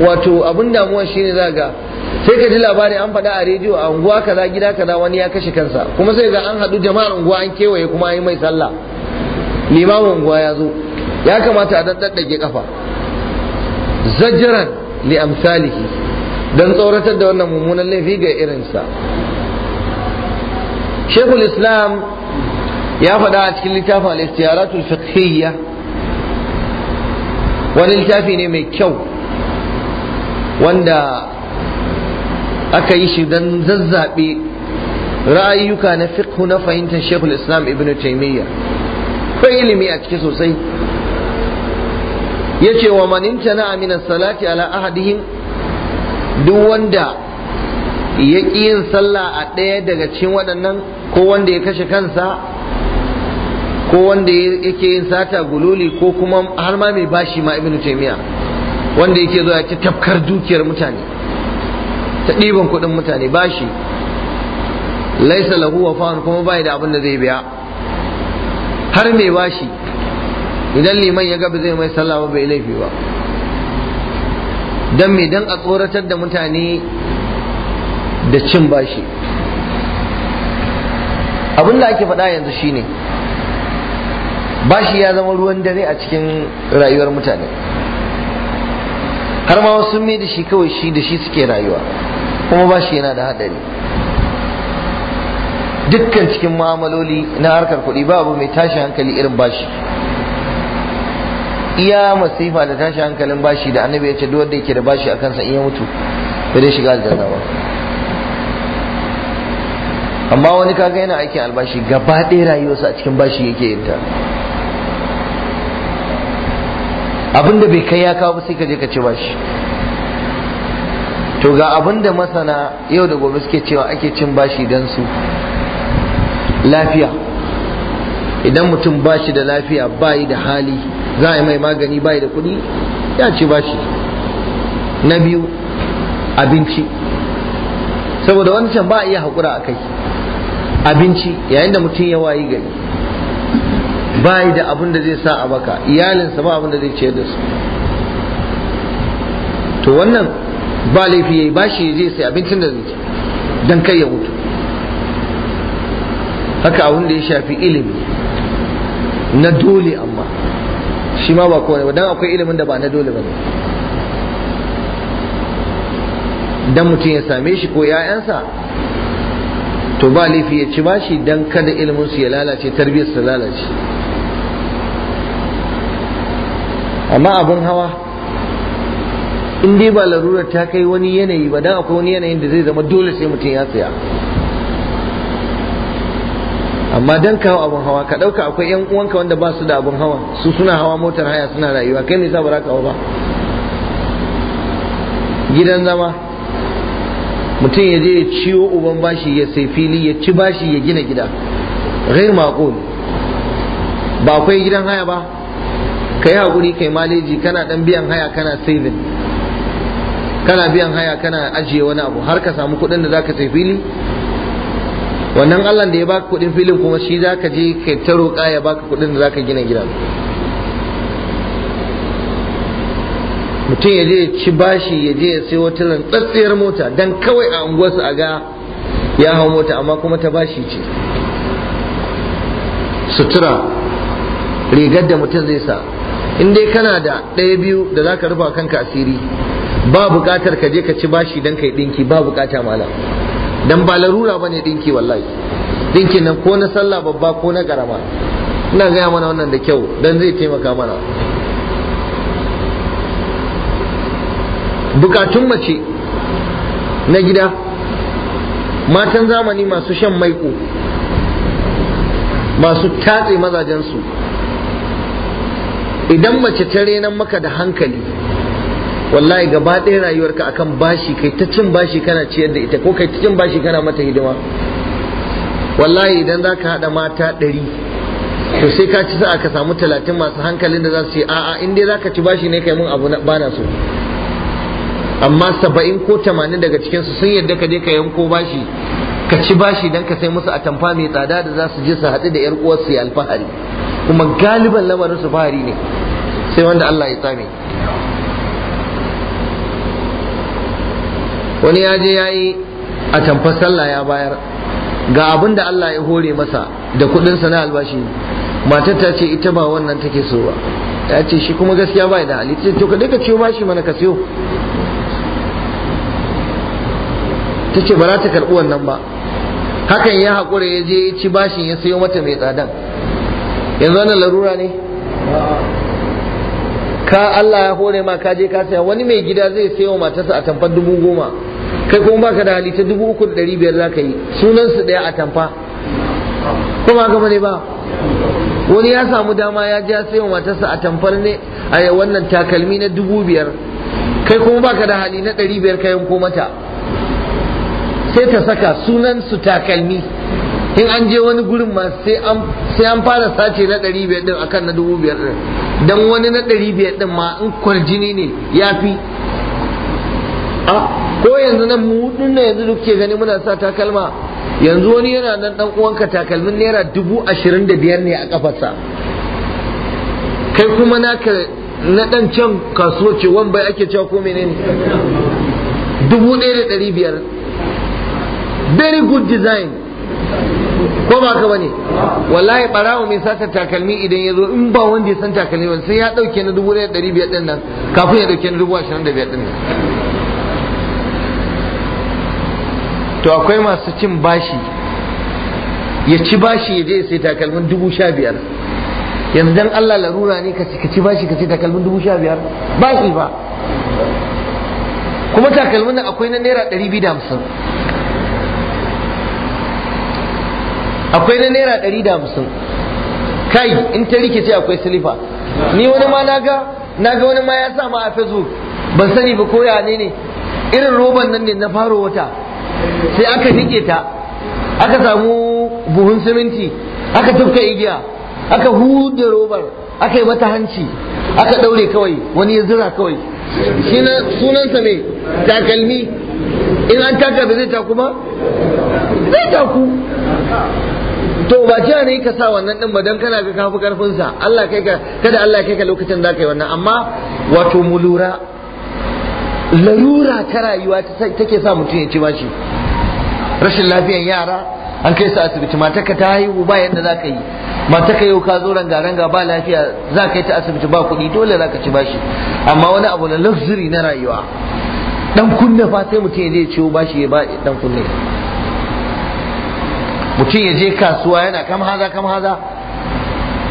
wato abin damuwa shine za ga sai ka ji labari an faɗa a rediyo a unguwa kaza gida kaza wani ya kashe kansa kuma sai ga an haɗu jama'ar unguwa an kewaye kuma an yi mai sallah limamin unguwa ya zo ya kamata a daddage kafa zajjaran li amsalihi Don tsoratar da wannan mummunan laifi ga irinsa shekul islam ya faɗa a cikin littafin al-istiyaratul fiqhiyya wani littafi ne mai kyau wanda aka yi shi don zazzaɓe ra'ayyuka na fiqhu na fahimtar shekul islam ibn taimiyya kai ilimi a ciki sosai ya ce wa maninta na aminan salati ala ahadihin duk wanda ya ƙi yin sallah a ɗaya daga cikin waɗannan ko wanda ya kashe kansa ko wanda yake yin sata gululi ko kuma har ma mai bashi ma ibnu taymiya wanda yake zuwa ya tafkar dukiyar mutane ta ɗiban kuɗin mutane bashi laisa lahu fa'an kuma bai da abin da zai biya har mai bashi idan liman ya gaba zai mai sallah bai laifi ba dan me dan a tsoratar da mutane da cin bashi abin da ake faɗa yanzu shine bashi ya zama ruwan dare a cikin rayuwar mutane har ma wasu mai da shi kawai shi da shi suke rayuwa kuma bashi yana da hadari dukkan cikin ma'amaloli na harkar kuɗi ba abu mai tashi hankali irin bashi iya masifa da tashi hankalin bashi da annabi ya ce duk wanda yake da bashi a kansa iya mutu ba dai shiga aljanna ba amma wani kaga yana aikin albashi gaba ɗaya rayuwarsa a cikin bashi yake yinta da bai kai ya kawo ba sai ka je ka ci bashi to ga abinda masana yau da gobe suke cewa ake cin bashi don su lafiya idan mutum ba shi da lafiya ba yi da hali za a yi mai magani ba yi da kuɗi ya ci bashi na biyu abinci saboda wancan ba a iya haƙura a kai abinci yayin da mutum ya wayi gari bayi da abin da zai sa a baka iyalinsa ba abin da zai ciyar da su to wannan ba laifi yayi shi zai sai abincin da zai ci dan kai ya mutu haka abin da ya shafi ilimi na dole amma shi ma ba kowane ba dan akwai ilimin da ba na dole ba dan mutum ya same shi ko ‘ya'yansa to ba laifi ya ci ba shi dan kada ilimin su ya lalace tarbiyyar su lalace amma abin hawa in dai ba larurar ta kai wani yanayi ba dan akwai wani yanayin da zai zama dole sai mutum ya saya amma dan kawo abin hawa ka ɗauka akwai yan uwanka wanda ba su da abin hawa su suna hawa motar haya suna rayuwa kai me yasa ba za ka ba gidan zama mutum ya je ya ciwo uban bashi ya sai fili ya ci bashi ya gina gida ghair maqul ba akwai gidan haya ba kai haƙuri kai maleji kana dan biyan haya kana saving kana biyan haya kana ajiye wani abu har ka samu kuɗin da za ka fili wannan allah da ya baka kuɗin filin kuma shi za ka je ka ta roƙa ya baka kuɗin da za ka gina gidan mutum ya je ya ci bashi ya je ya sai wata tsatsiyar mota don kawai a unguwarsa a ga ya hau mota amma kuma ta bashi ce sutura rigar da mutum zai sa in dai kana da ɗaya biyu da za ka rufa kanka asiri ba buƙatar ka je ka ci bashi dan kai ɗinki ba buƙata mala don ba larura ba ne ɗinki wallahi ɗinkin nan ko na sallah babba ko na ƙarama ina gaya mana wannan da kyau don zai taimaka mana bukatun mace na gida matan zamani masu shan maiko masu tatse mazajensu idan mace ta renan maka da hankali wallahi gaba ɗaya rayuwarka akan bashi kai ta cin bashi kana ciyar da ita ko kai ta cin bashi kana mata hidima wallahi idan za ka haɗa mata ɗari to sai ka ci sa'a ka samu talatin masu hankalin da za su ce a'a in dai za ka ci bashi ne kai mun abu bana so amma saba'in ko tamanin daga cikinsu sun yarda ka je ka yanko bashi ka ci bashi don ka sai musu atamfa mai tsada da za su je su haɗu da 'yar uwarsu ya alfahari kuma galiban lamarin su fahari ne sai wanda Allah ya tsame wani ya je ya yi a tamfar sallah ya bayar ga abin da Allah ya hore masa da kudinsa na albashi matar ta ce ita ba wannan take so ba ya ce shi kuma gaskiya ba da hali to ka daga ciwo bashi mana ka siyo ta ce ba za ta karɓi wannan ba hakan ya haƙura ya je ya ci bashin ya sayo mata mai tsadan yanzu wannan larura ne ka Allah ya hore ma kaje ka saya wani mai gida zai sayo matarsa a tamfar dubu goma kai kuma baka da halitta dubu uku da ɗari biyar zaka yi sunan su ɗaya a tamfa kuma gaba ne ba wani ya samu dama ya ja sayo matarsa a tamfar ne a wannan takalmi na dubu biyar kai kuma baka da hali na ɗari biyar ka yanko mata sai ta saka sunan su takalmi in an je wani gurin ma sai an fara sace na ɗari biyar ɗin akan na dubu biyar ɗin don wani na ɗari biyar ɗin ma in kwarjini ne ya fi ko yanzu nan mu na yanzu duk ke gani muna sa takalma yanzu wani yana nan ɗan uwanka takalmin naira dubu ashirin da biyar ne a ƙafarsa kai kuma naka na ɗan can kasuwa ce wan bai ake cewa ko menene dubu ɗaya da ɗari biyar very good design ko ba ka bane wallahi barawo mai sata takalmi idan ya zo in ba wanda ya san takalmi ba sai ya dauke na dubu ɗaya ɗari biyar nan kafin ya dauke na dubu ashirin da biyar nan to akwai masu cin bashi ya ci bashi ya je ya sai takalmin dubu sha biyar yanzu dan Allah larura ne ka ci bashi ka sai takalmin dubu sha biyar bashi ba kuma takalmin nan akwai na naira ɗari biyu da hamsin akwai na naira ɗari da hamsin kai in ta rikici akwai silifa ni wani ma na naga wani ma ya sa ma a facebook ban sani ba ko ne ne irin roban nan ne na faro wata sai aka rike ta aka samu buhun siminti aka tufka igiya aka huda robar aka yi mata hanci aka ɗaure kawai wani ya zira kawai sunansa mai takalmi in an taka ba zai taku ba zai taku to ba ji ne ka sa wannan din ba dan kana ga kafi karfin sa Allah kai ka kada Allah kai ka lokacin da kai wannan amma wato mu larura ta rayuwa take sa mutum ya ci bashi rashin lafiyan yara an kai su asibiti ka ta haihu ba yadda za ka yi ka yau ka zo ranga-ranga ba lafiya za ka yi ta asibiti ba kuɗi dole za ka ci bashi amma wani abu na luxury na rayuwa dan kunne fa sai mutum ya je ciwo bashi ya ba dan kunne mutum ya je kasuwa yana kam haza kam haza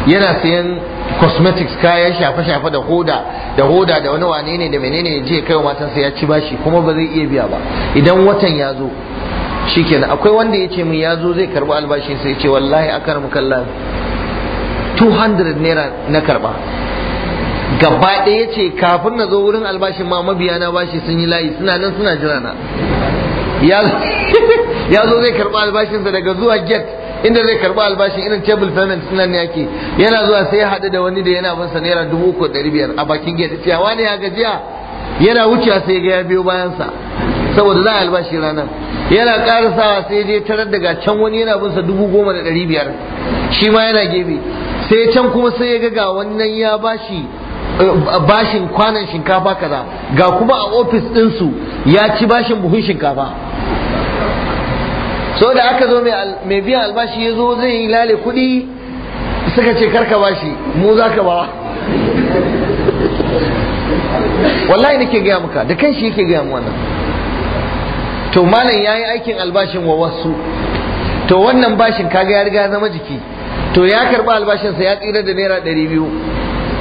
yana sayan cosmetics kaya shafe-shafe da hoda da hoda da wani wane ne da menene je kai wa matansa ya ci bashi kuma ba zai iya biya ba idan watan ya zo shikenan akwai wanda ya ce min ya zo zai karbi albashi sai ce wallahi akar mukalla 200 naira na karba gaba ɗaya ce kafin na zo wurin albashin ma mabiya na bashi sun yi layi suna nan suna jira na ya [LAUGHS] ya zo zai karba albashinsa daga zuwa get inda zai karba albashin irin table payment sunan ne yake yana zuwa sai ya haɗu da wani da yana bansa naira dubu uku ɗari biyar a bakin get cewa wani ya gajiya yana wuce sai ga ya biyo bayansa saboda za albashi ranar yana karasawa sai je tarar daga can wani yana binsa dubu goma da ɗari biyar shi ma yana gefe sai can kuma sai ya ga ga wannan ya bashi eh, bashin kwanan shinkafa kaza ga kuma a ofis ɗinsu ya ci bashin buhun shinkafa so da aka zo mai biyan albashi ya zo zai yi lale kuɗi suka ce karka bashi mu za ka ba wallahi nake gaya muka da kanshi yake gaya mu wannan to malam ya yi aikin albashin wa wasu to wannan bashin kaga ya riga zama jiki to ya karba albashinsa ya tsira da naira ɗari biyu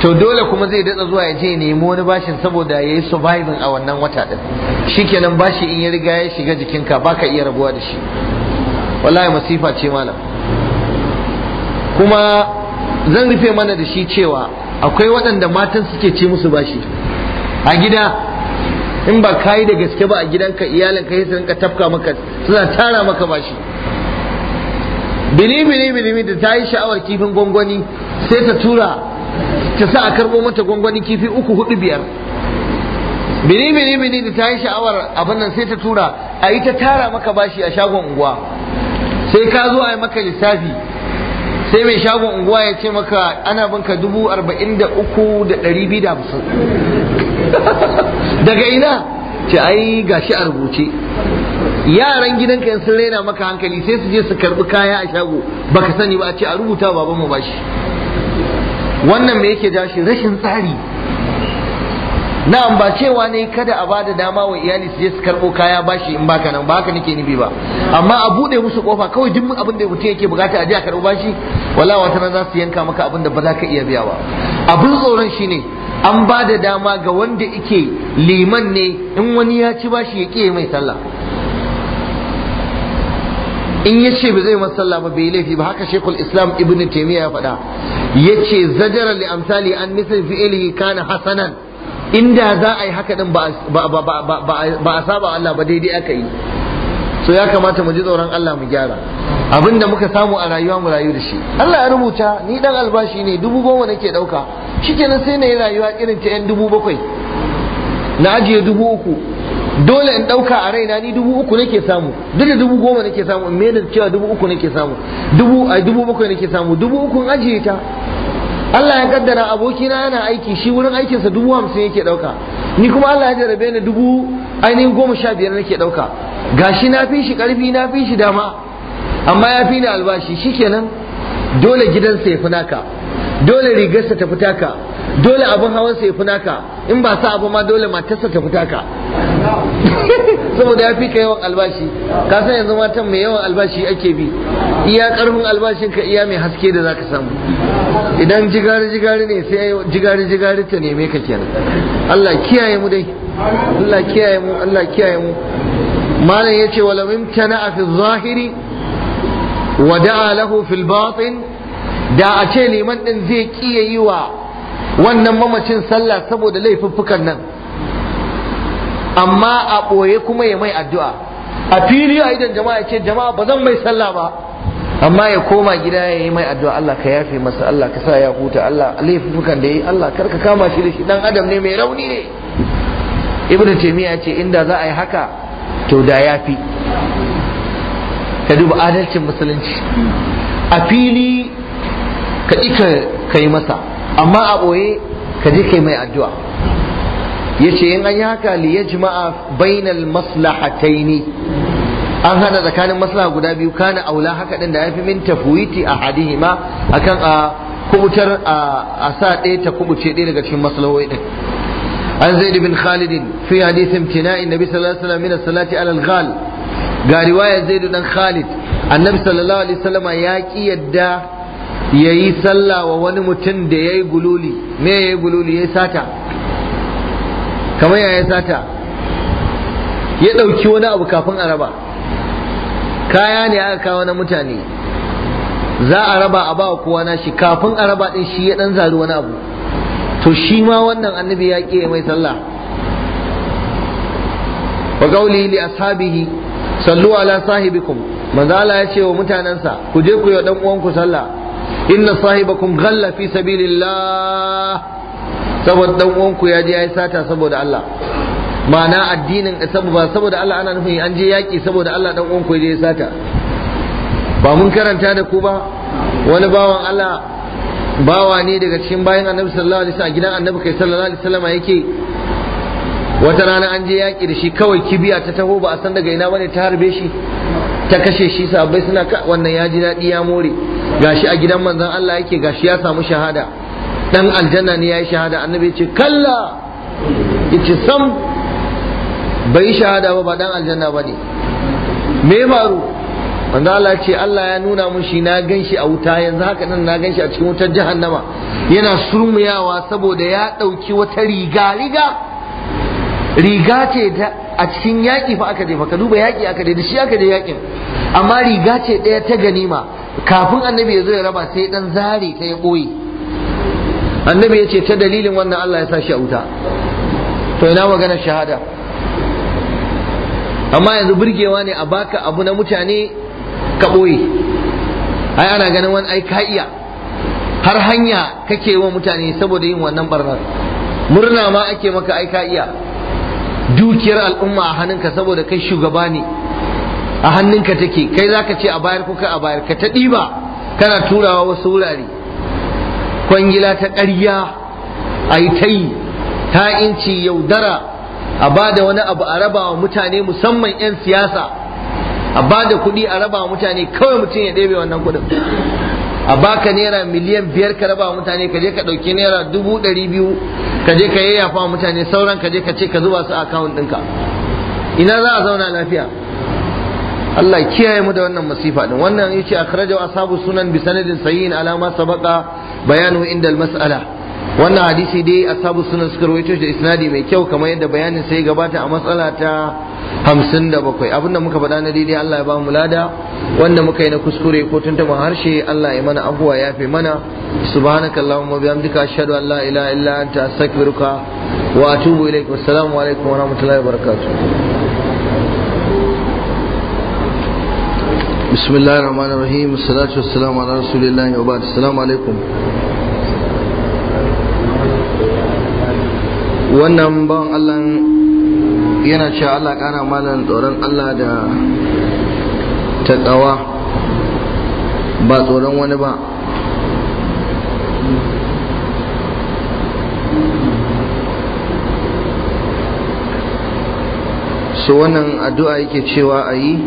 to dole kuma zai datsa zuwa ya je nemo wani bashin saboda ya yi surviving a wannan wata ɗin shikenan bashi in ya riga ya shiga jikinka ka iya rabuwa da shi wallahi masifa ce malam kuma zan rufe mana da shi cewa akwai waɗanda matan suke ci musu bashi a gida in ba yi da gaske ba a gidanka iyalinka sai su ka tafka maka suna tara maka bashi bini bini bini da ta yi sha'awar kifin gwangwani sai ta tura ta sa a karɓo mata gwangwani kifi uku hudu biyar bini bini da ta yi sha'awar abin nan sai ta tura a yi ta tara maka bashi a shagon unguwa sai ka zo a yi maka lissafi sai mai shagon unguwa ya ce maka ana binka dubu arba'in da uku da ɗari biyu da hamsin [LAUGHS] daga ina ce ai gashi a rubuce yaran gidanka in sun raina maka hankali sai su je su karbi kaya a shago baka sani ba a ce a rubuta baban mu bashi wannan me yake jashi rashin tsari na'am ba cewa ne kada a bada dama wa iyali su je su karbo kaya bashi in baka nan ba haka nake nufi ba amma a bude musu kofa kawai duk abin da mutum yake bukata a je a karbo bashi wala wata nan za su yanka maka abin da ba za ka iya biya ba abin tsoron shine an ba da dama ga wanda yake liman ne in wani ya ci bashi ya ƙi mai sallah in ya ce ba zai masalla ba bai laifi ba haka shekul islam ibn taimiyya ya faɗa ya ce zajara li amsali an misal fi'ilihi kana hasanan inda za a yi haka din ba a saba Allah ba daidai aka yi so ya kamata mu ji tsoron Allah mu gyara Abinda muka samu a rayuwa mu rayu da shi Allah ya rubuta ni dan albashi ne dubu goma nake dauka shikenan sai na yi rayuwa irin ta yan dubu bakwai na ajiye dubu uku dole in dauka a raina ni dubu uku nake samu duk da dubu goma nake samu in mai da cewa dubu uku nake samu dubu a dubu bakwai nake samu dubu uku in ajiye ta Allah ya kaddara abokina yana aiki shi wurin aikinsa dubu hamsin yake ɗauka ni kuma Allah ya jarabe ni dubu ainihin goma sha biyar nake ɗauka gashi na fi shi ƙarfi na fi shi dama amma ya fi ni albashi shikenan dole gidansa ya fi naka dole rigarsa ta fita ka dole abin hawan sa ya fi naka in ba sa abu ma dole matarsa ta fita ka [LAUGHS] saboda ya fi ka yawan albashi ka san yanzu matan mai yawan albashi ake bi iya karfin albashin ka iya mai haske da zaka samu idan jigari jigari ne sai jigari jigari ta neme ka kenan Allah kiyaye mu dai Allah kiyaye mu Allah kiyaye mu malam yace wala imtana fi zahiri wa da'a lahu fil batin da a ce liman din zai kiyaye yi wa wannan mamacin sallah saboda laifuffukan nan amma a ɓoye kuma ya mai addu'a a fili a idan jama'a ce jama'a ba zan mai sallah ba amma ya koma gida ya yi mai addu'a Allah ka yafe masa Allah ka sa ya huta Allah laifukan da ya yi Allah karka kama shi da shi dan adam ne mai rauni ne ibnu taymiya ce inda za a yi haka to da yafi ka duba adalcin musulunci a fili ka ka yi masa amma a ɓoye ka je kai mai addu'a yace in an yi haka li yajma'a bainal maslahataini an hada tsakanin maslaha guda biyu kana aula haka din da yafi min tafwiti ahadihima akan a kubutar a sa ɗaya ta kubuce ɗaya daga cikin maslahohi din an zaid bin khalid fi hadith imtina'i nabi sallallahu alaihi wasallam min as-salati ala al-ghal ga riwaya zaid bin khalid annabi sallallahu alaihi wasallam ya ki yadda yayi sallah wa wani mutum da yayi gululi me yayi gululi yayi sata kamar yayi sata ya dauki wani abu kafin araba kaya ne aka kawo na mutane za a raba a ba kowa na shi kafin a raba din shi ya dan zari wani abu to shi ma wannan annabi ya ke mai sallah wa qawli li ashabihi sallu ala sahibikum manzo Allah ya ce wa mutanansa ku je ku yi dan uwanku sallah inna sahibakum ghalla fi sabilillah saboda dan uwanku ya je ya sata saboda Allah ma'ana addinin ba saboda Allah ana nufin an je yaƙi saboda Allah dan uwan ku ya sata ba mun karanta da ku ba wani bawan Allah bawa ne daga cikin bayan annabi sallallahu alaihi wasallam gidan annabi kai sallallahu alaihi wasallam yake wata rana an je yaƙi da shi kawai kibiya ta taho ba a san daga ina bane ta harbe shi ta kashe shi sabai suna ka wannan ya ji daɗi ya more gashi a gidan manzon Allah yake gashi ya samu shahada dan aljanna ne yayi shahada annabi ya ce kalla yace sam bai shahada ba ba dan aljanna ba ne me faru wanda Allah ce Allah ya nuna mun shi na ganshi a wuta yanzu haka nan na ganshi a cikin wutar jahannama yana surmuyawa saboda ya dauki wata riga riga riga ce a cikin yaƙi fa aka fa ka duba yaƙi aka da shi aka da yaƙin amma riga ce ɗaya ta ganima kafin annabi ya zo ya raba sai dan zare ta ya ɓoye annabi ya ce ta dalilin wannan Allah ya sa shi a wuta to ina magana shahada amma yanzu burgewa ne a baka abu na mutane ka ɓoye ai ana ganin wani ai ka'iya har hanya kake wa mutane saboda yin wannan barna murna ma ake maka ai ka'iya dukiyar al'umma a hannunka saboda kai shugaba ne a hannunka take kai zaka ce a bayar kuka a bayar ka ta ɗiba kana turawa wasu wurare kwangila ta ƙarya a yi ta yi ta inci yaudara a ba da wani abu a raba wa mutane musamman 'yan siyasa a ba da kuɗi a raba wa mutane kawai mutum ya ɗebe wannan kuɗin a baka naira miliyan biyar ka raba wa mutane ka je ka ɗauki naira dubu ɗari biyu ka je ka yayyafa wa mutane sauran ka je ka ce ka zuba su a akawun ɗinka ina za a zauna lafiya Allah kiyaye mu da wannan masifa din wannan yace akhrajahu ashabu sunan bi sanadin sayyin alama sabaqa bayanu inda al-mas'ala wannan hadisi dai a sabu sunan suka rawaito da isnadi mai kyau kamar yadda bayanin sai gabata a matsala ta hamsin da bakwai abinda muka faɗa na daidai Allah ya ba mu lada wanda muka yi na kuskure ko tuntuɓa harshe Allah ya mana abuwa ya fi mana subhanakallahumma bihamdika ashhadu an la ilaha illa anta astaghfiruka wa atubu ilaik wassalamu alaikum wa rahmatullahi wa barakatuh بسم الله الرحمن salatu والصلاة والسلام على رسول الله وبعد السلام wannan bawan allah yana cewa allah kara malam tsoron allah da taƙawa ba tsoron wani ba su wannan addu'a yake cewa a yi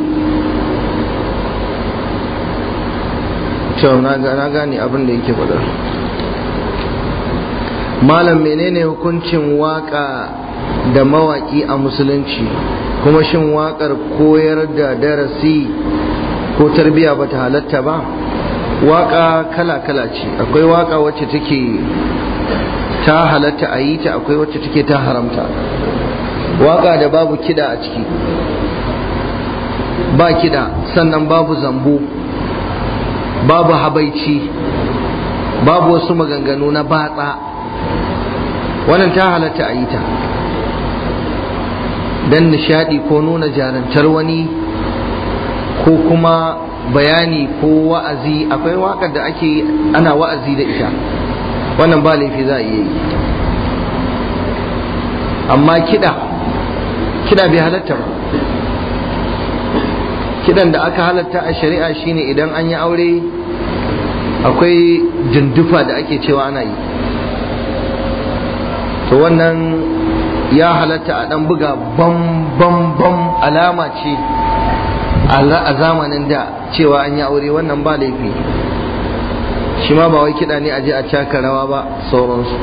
na gane abin da yake faɗa malam menene hukuncin waka da mawaki a musulunci kuma shin wakar koyar da darasi ko tarbiya ba ta halatta ba waka kala-kala ce akwai waka wacce take ta halatta a yi ta akwai wacce take ta haramta waka da babu kida a ciki ba kida sannan babu zambu, babu habaici babu wasu maganganu na batsa wannan ta halatta a yi ta don nishadi ko nuna jarantar wani ko kuma bayani ko wa'azi akwai waƙar da ake ana wa'azi da ita wannan ba laifi za a yi amma kiɗa kiɗa bai halatta ba kiɗan da aka halatta a shari'a shine idan an yi aure akwai jindufa da ake cewa ana yi to wannan ya halatta a ɗan buga bam bam bam alama ce a zamanin da cewa an yi aure wannan ba laifi shi ma ba wai kiɗa ne a je a caka rawa ba sauransu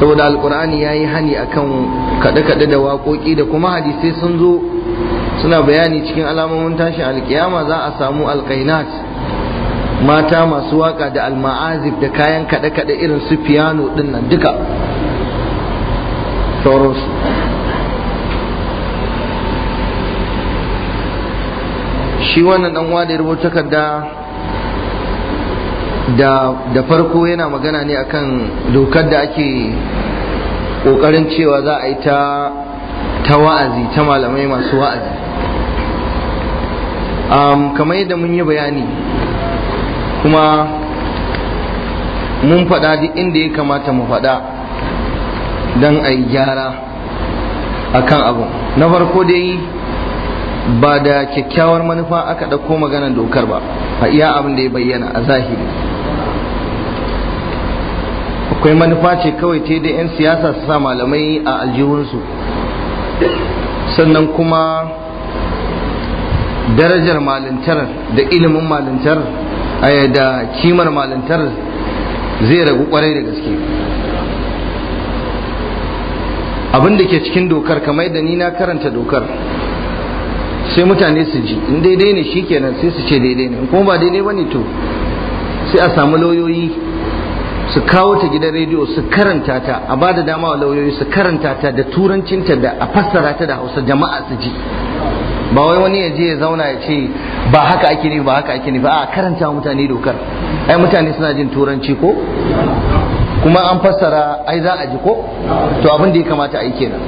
saboda alkur'ani ya yi hani akan kaɗe-kaɗe da waƙoƙi da kuma hadisai sun zo suna bayani cikin alamomin tashin alkiyama za a samu alkainat mata masu waka da alma'azif da kayan kaɗe-kaɗe irin su fiyano ɗin nan duka sauransu shi wannan dan uwa da ya rubuta takarda da farko yana magana ne akan dokar da ake kokarin cewa za a yi ta ta wa'azi ta malamai masu wa'azi kamar yadda mun yi bayani kuma mun faɗa duk inda ya kamata mu faɗa don a yi gyara a kan abu na farko yi ba da kyakkyawar manufa aka ɗauko maganar dokar ba a iya abin da ya bayyana a zahiri akwai manufa ce kawai ta da 'yan siyasa su sa malamai a aljihunsu sannan kuma darajar malintar da ilimin malintar a eh, da kimar malintar zai ragu kwarai da gaske abin da ke cikin dokar kamar da ni na karanta dokar sai mutane su ji in daidai ne shi kenan sai su ce daidai ne kuma ba daidai ba ne to sai a samu lauyoyi su kawo ta gidan rediyo su karanta ta a ba da dama wa lauyoyi su karanta ta da turancinta da a fassara ta da hausa jama'a su ji ba wai wani ya je ya zauna ya ce ba haka ake ne ba haka ake ne ba a karanta mutane dokar ai mutane suna jin turanci ko kuma an fassara ai za a ji ko to abin da ya kamata a yi kenan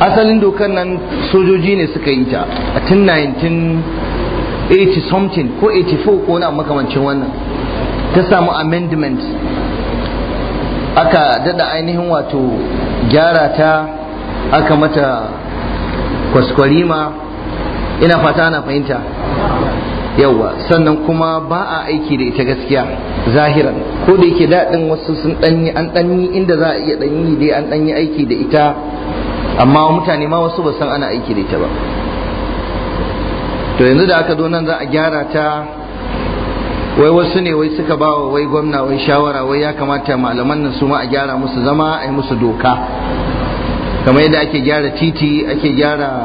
asalin dokar nan sojoji ne suka yi ta a tun 1980 something ko 84 ko na makamancin wannan ta samu amendment aka dada ainihin wato gyara ta aka mata kwaskwarima ina fata ana fahimta yawa sannan kuma ba a aiki da ita gaskiya zahiran ko da yake daɗin wasu sun ɗanyi an ɗanyi inda za a iya ɗanyi dai an ɗanyi aiki da ita amma mutane ma wasu ba san ana aiki da ita ba to yanzu da aka zo nan za a gyara ta wai wasu ne wai suka ba wa wai gwamna wai shawara wai ya kamata malaman nan su ma a gyara musu zama a yi musu doka kamar yadda ake gyara titi ake gyara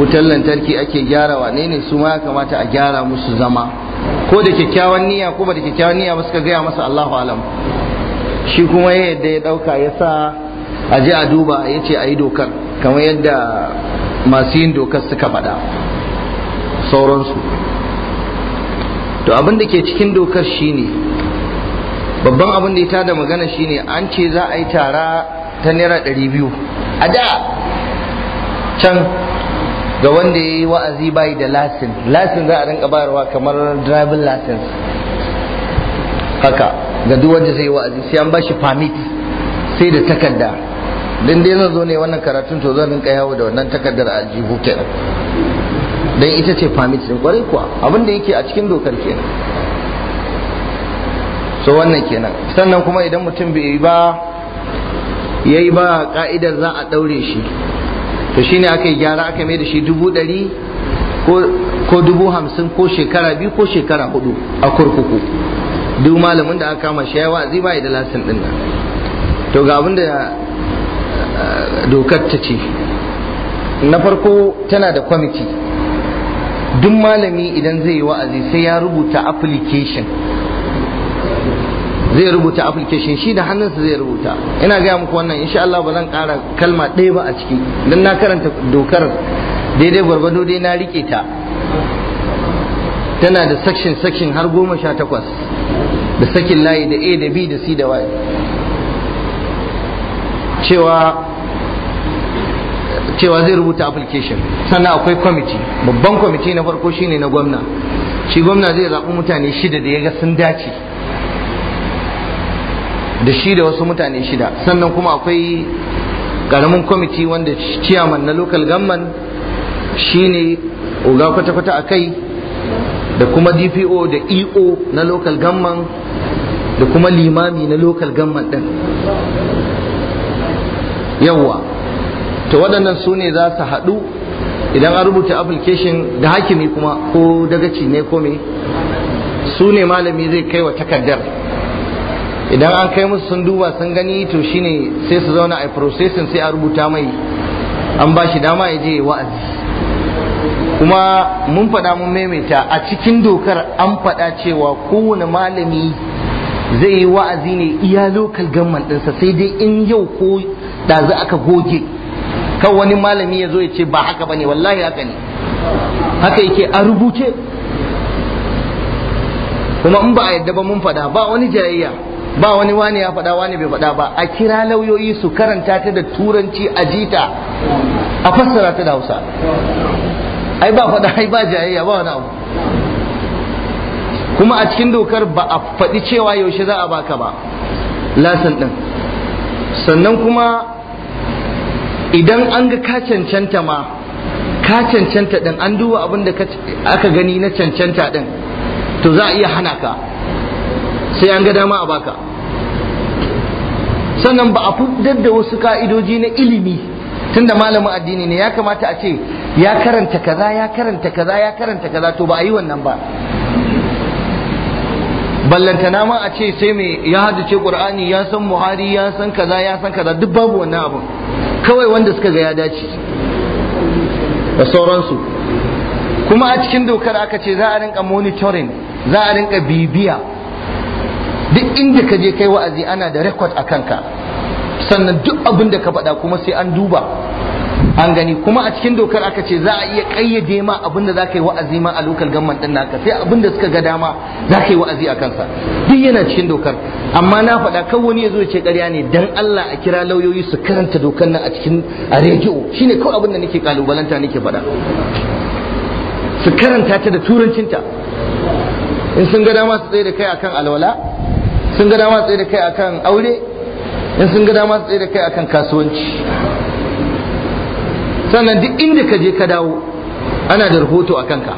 wutar lantarki ake gyara wane ne su ma ya kamata a gyara musu zama ko da kyakkyawan niyya ko ba da kyakkyawan niyya ba suka gaya masa Allahu alam shi kuma ya yadda ya dauka ya sa a je a duba ya ce a yi dokar kamar yadda masu yin dokar suka faɗa sauransu to abin da ke cikin dokar shine babban abin da ya tada magana shine an ce za a yi tara ta naira ɗari biyu a da can ga wanda ya yi wa'azi bayi da lasin lasin za a rinka bayarwa kamar driving license haka ga duk wanda zai yi wa'azi sai an bashi permit sai da takarda din dai zan zo ne wannan karatun to zan rinka yawo da wannan takardar aljihu kenan dan ita ce permit din kwarai kuwa abin da yake a cikin dokar kenan so wannan kenan sannan kuma idan mutum bai yi ba yayi ba ka'idar za a daure shi to shine aka yi gyara aka mai da shi dubu ɗari ko dubu hamsin ko shekara biyu ko shekara hudu a kurkuku duk malamin da aka kama shi yawa zai bayi da lasin din nan to ga abin da eh, dokar ta ce na farko tana da kwamiti duk malami idan zai yi wa'azi sai ya rubuta application zai rubuta application shi da hannunsa zai rubuta ina gaya muku wannan insha Allah ba zan kara kalma ɗaya ba a ciki don na karanta dokar daidai gwargwado dai na rike ta tana da section section har goma sha takwas da sakin layi da a da b da c da y cewa cewa zai rubuta application sannan akwai kwamiti babban kwamiti na farko shine na gwamna shi gwamna zai zaɓi mutane shida da ya ga sun dace da shi da wasu mutane shida sannan kuma akwai karamin kwamiti wanda ciyaman na local gamman shine oga kwata-kwata a kai da kuma dpo da eo na local gamman da kuma limami na local gamman din yawwa to waɗannan su ne za su haɗu idan an rubuta application da hakimi kuma ko dagaci ne ko su ne malami zai kai wa takardar idan an kai musu sun duba sun gani to shine sai su zauna a processin sai a rubuta mai an ba shi dama ya je wa'azi kuma mun faɗa mun maimaita a cikin dokar an faɗa cewa kowane malami zai yi wa'azi ne iya lokal gamman ɗinsa sai dai in yau ko ɗazu aka goge kan wani malami ya zo ya ce ba haka bane wallahi haka ne haka yake a rubuce kuma in ba a yadda ba mun faɗa ba wani jayayya ba wani wani ya faɗa wani bai faɗa ba a kira lauyoyi su karanta ta da turanci a jita a fassara ta da hausa ai ba faɗa ai ba jayayya ba wani abu kuma a cikin dokar ba a faɗi cewa yaushe za a baka ba lasan ɗin sannan kuma idan an ga ka cancanta ma ka cancanta ɗin an duba abin da aka gani na cancanta ɗin to za a iya hana ka sai an ga dama a baka sannan ba a fitar da wasu ka'idoji na ilimi tun da malamin addini ne ya kamata a ce ya karanta kaza ya karanta kaza ya karanta kaza to ba a yi wannan ba ballantana ma a ce sai mai ya hadace qur'ani ya san muhari ya san kaza ya san kaza duk babu wannan abun kawai wanda suka ga ya dace da sauransu kuma a cikin dokar aka ce za a rinka monitoring za a rinka bibiya duk inda ka je kai wa'azi ana da rekod a kanka sannan duk abin da ka faɗa kuma sai an duba an gani kuma a cikin dokar aka ce za a iya kayyade ma abin da za ka yi wa'azi ma a lokal gamman din naka sai abin da suka ga dama za ka yi wa'azi a kansa duk yana cikin dokar amma na faɗa kan wani ya zo ce ƙarya ne dan Allah a kira lauyoyi su karanta dokar nan a cikin a rediyo shine kawai abin da nake kalubalanta nake faɗa su karanta ta da turancinta in sun ga dama su tsaye da kai akan alwala sun ga dama tsaye da kai akan aure in sun ga dama tsaye da kai akan kasuwanci sannan duk inda ka je ka dawo ana da rahoto a kanka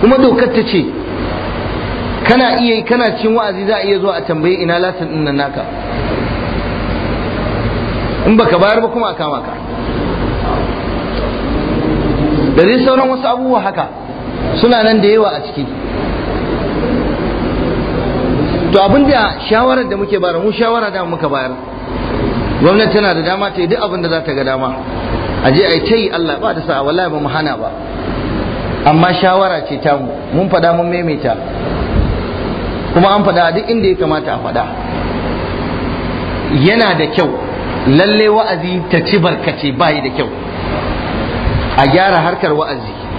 kuma dokar ta ce kana iya kana cin wa'azi za a iya zuwa a tambayi ina latin din nan naka in baka bayar ba kuma a kama ka da dai sauran wasu abubuwa haka suna nan da yawa a ciki to abin da shawarar da muke bayar mu shawara da muka bayar gwamnati tana da dama ta yi duk abin da za ta ga dama a je a yi ta yi Allah ba da sa'a wallahi ba mu hana ba amma shawara ce ta mu mun faɗa mun maimaita kuma an faɗa duk inda ya kamata a faɗa yana da kyau lalle wa'azi ta ci barkace bayi da kyau a gyara harkar wa'azi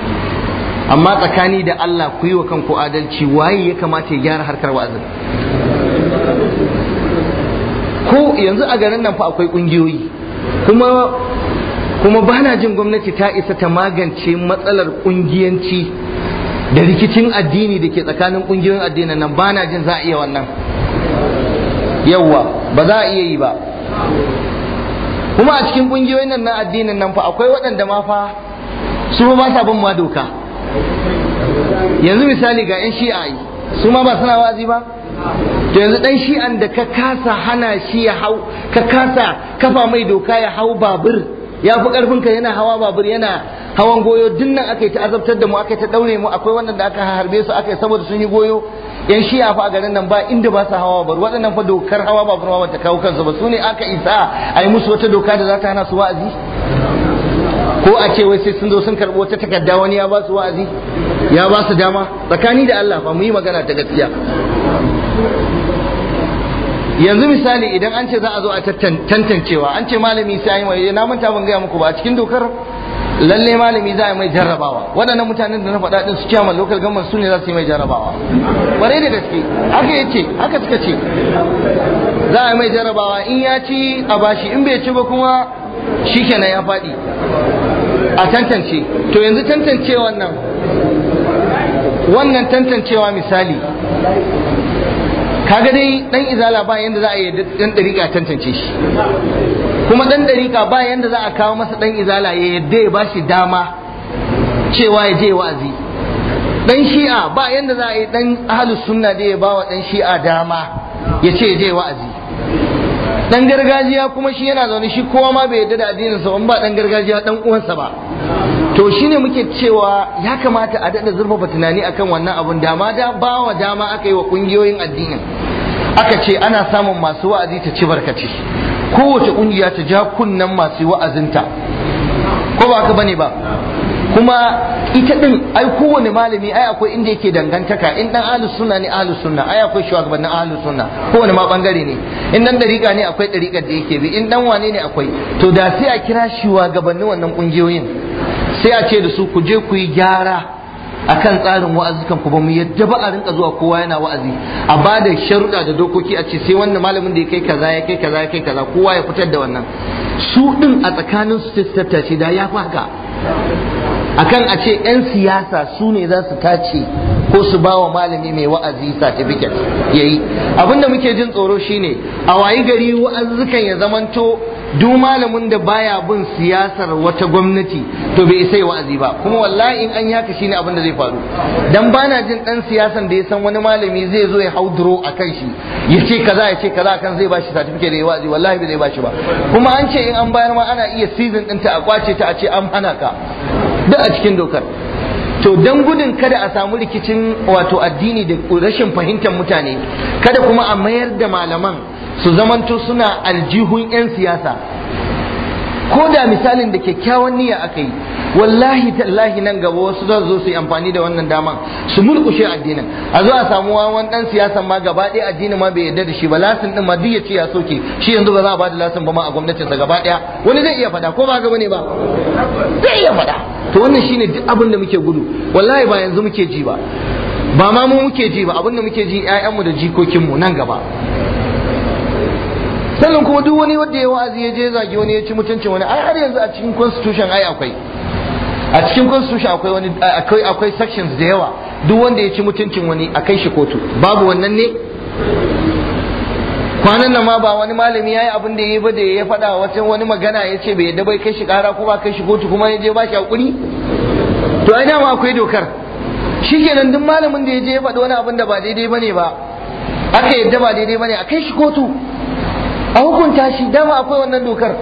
amma tsakani da Allah ku yi wa kanku adalci waye ya kamata ya gyara harkar wa'azin ko yanzu a garin nan fa akwai kungiyoyi kuma kuma ba na jin gwamnati ta isa ta magance matsalar kungiyanci da rikicin addini da ke tsakanin kungiyoyin addinin nan ba na jin za a iya wannan yawwa ba za a iya yi ba kuma a cikin kungiyoyin nan na addinin nan fa akwai waɗanda ma fa su ba sa bin ma doka yanzu misali ga 'yan shi'a yi su ma ba suna wazi ba to yanzu dan shi'an da ka kasa hana shi ya hau ka kasa kafa mai doka ya hau babur ya fi karfin ka yana hawa babur yana hawan goyo dinnan aka ta azabtar da mu akai ta daure mu akwai wannan da aka harbe su aka saboda sun yi goyo yan shi'a fa a garin nan ba inda ba su hawa babur waɗannan fa dokar hawa babur ma kawo kansu ba su ne aka isa a yi musu wata doka da za ta hana su wa'azi ko a ce wai sai sun zo sun karɓo ta takarda wani ya ba su wa'azi ya ba su dama tsakani da Allah fa mu yi magana ta gaskiya yanzu misali idan an ce za a zo a tantancewa an ce malami sai yi na manta ban gaya muku ba a cikin dokar lalle malami za a mai jarrabawa waɗannan mutanen da na faɗa ɗin su ciyaman local government su ne za su yi mai jarrabawa ƙwarai da gaske haka ya ce haka suka ce za a mai jarrabawa in ya ci a bashi in bai ci ba kuma shi kenan ya faɗi a tantance to yanzu tantance wannan wannan tantancewa misali kaga dai dan izala ba yanda za a yi dan dariƙa tantance shi kuma dan dariƙa ba yanda za a kawo masa dan izala ya yadda ya bashi dama cewa ya je wa'azi dan shi'a ba yanda za a yi dan ahlus sunna da ya bawa dan shi'a dama ya ce ya je wa'azi dan gargajiya kuma shi yana zaune shi kowa ma bai yarda da addinin sa ba dan gargajiya dan uwansa ba to shine muke cewa ya kamata a dada zurfafa tunani akan wannan abun dama da bawa dama aka yi wa kungiyoyin addinin aka ce ana samun masu wa'azi ta ci barkaci kowace kungiya ta ja kunnen masu wa'azinta ko ba ka bane ba kuma ita din ai kowane malami ai akwai inda yake dangantaka in dan ahlus sunna ne ahlus sunna ai akwai shugabannin ahlus sunna kowane ma bangare ne in dan dariqa ne akwai dariqar da yake bi in dan wane ne akwai to da sai a kira shugabannin wannan kungiyoyin sai a ce da su ku je ku yi gyara akan tsarin wa'azukan ku ba mu yadda ba a rinka zuwa kowa yana wa'azi a ba da sharuɗa da dokoki a ce sai wannan malamin da ya kai kaza ya kai kaza ya kai kaza kowa ya fitar da wannan su din a tsakanin su sai su tattace da ya fi akan a ce 'yan siyasa su ne za su tace ko su ba wa malami mai wa'azi certificate ya yi abinda muke jin tsoro shine a wayi gari wa'azzukan ya zamanto duk malamin da baya bin siyasar wata gwamnati to bai isai wa'azi ba kuma wallahi in an yaka shine abin da zai faru dan bana jin dan siyasan da ya san wani malami zai zo ya haudro a kan shi ya ce kaza ya ce kaza kan zai bashi certificate da wa'azi wallahi bai zai bashi ba kuma an ce in an bayar ma ana iya season ta a kwace ta a ce an hana ka duk a cikin dokar to dan gudun kada a samu rikicin wato addini da rashin fahimtar mutane kada kuma a mayar da malaman su zamanto suna aljihun 'yan siyasa ko da misalin da kyakkyawan niyya aka yi wallahi tallahi nan gaba wasu za zo su yi amfani da wannan daman su mulkushe addinin a zo a samu wawan dan siyasan ma gaba ɗaya addinin ma bai yarda da shi ba lasin din ma duk ya ce ya soke shi yanzu ba za a ba da lasin ba ma a gwamnatin sa gaba ɗaya wani zai iya faɗa ko ba ga bane ba zai iya faɗa to wannan shine duk abin da muke gudu wallahi ba yanzu muke ji ba ba ma mu muke ji ba abin da muke ji 'ya'yanmu da jikokinmu nan gaba sannan kuma duk wani wanda ya wa'azi ya je zagi wani ya ci mutuncin wani ai har yanzu a cikin constitution ai akwai a cikin constitution akwai wani akwai akwai sections da yawa duk wanda ya ci mutuncin wani a kai shi kotu babu wannan ne kwanan nan ma ba wani malami yayi abin da yayi ba da ya faɗa wata wani magana ya ce bai yadda bai kai shi kara ko ba kai shi kotu kuma ya je ba shi hakuri to ai dama akwai dokar shikenan duk malamin da ya je ya faɗi wani abin da ba daidai bane ba aka yadda ba daidai bane a kai shi kotu a hukunta shi dama akwai wannan dokar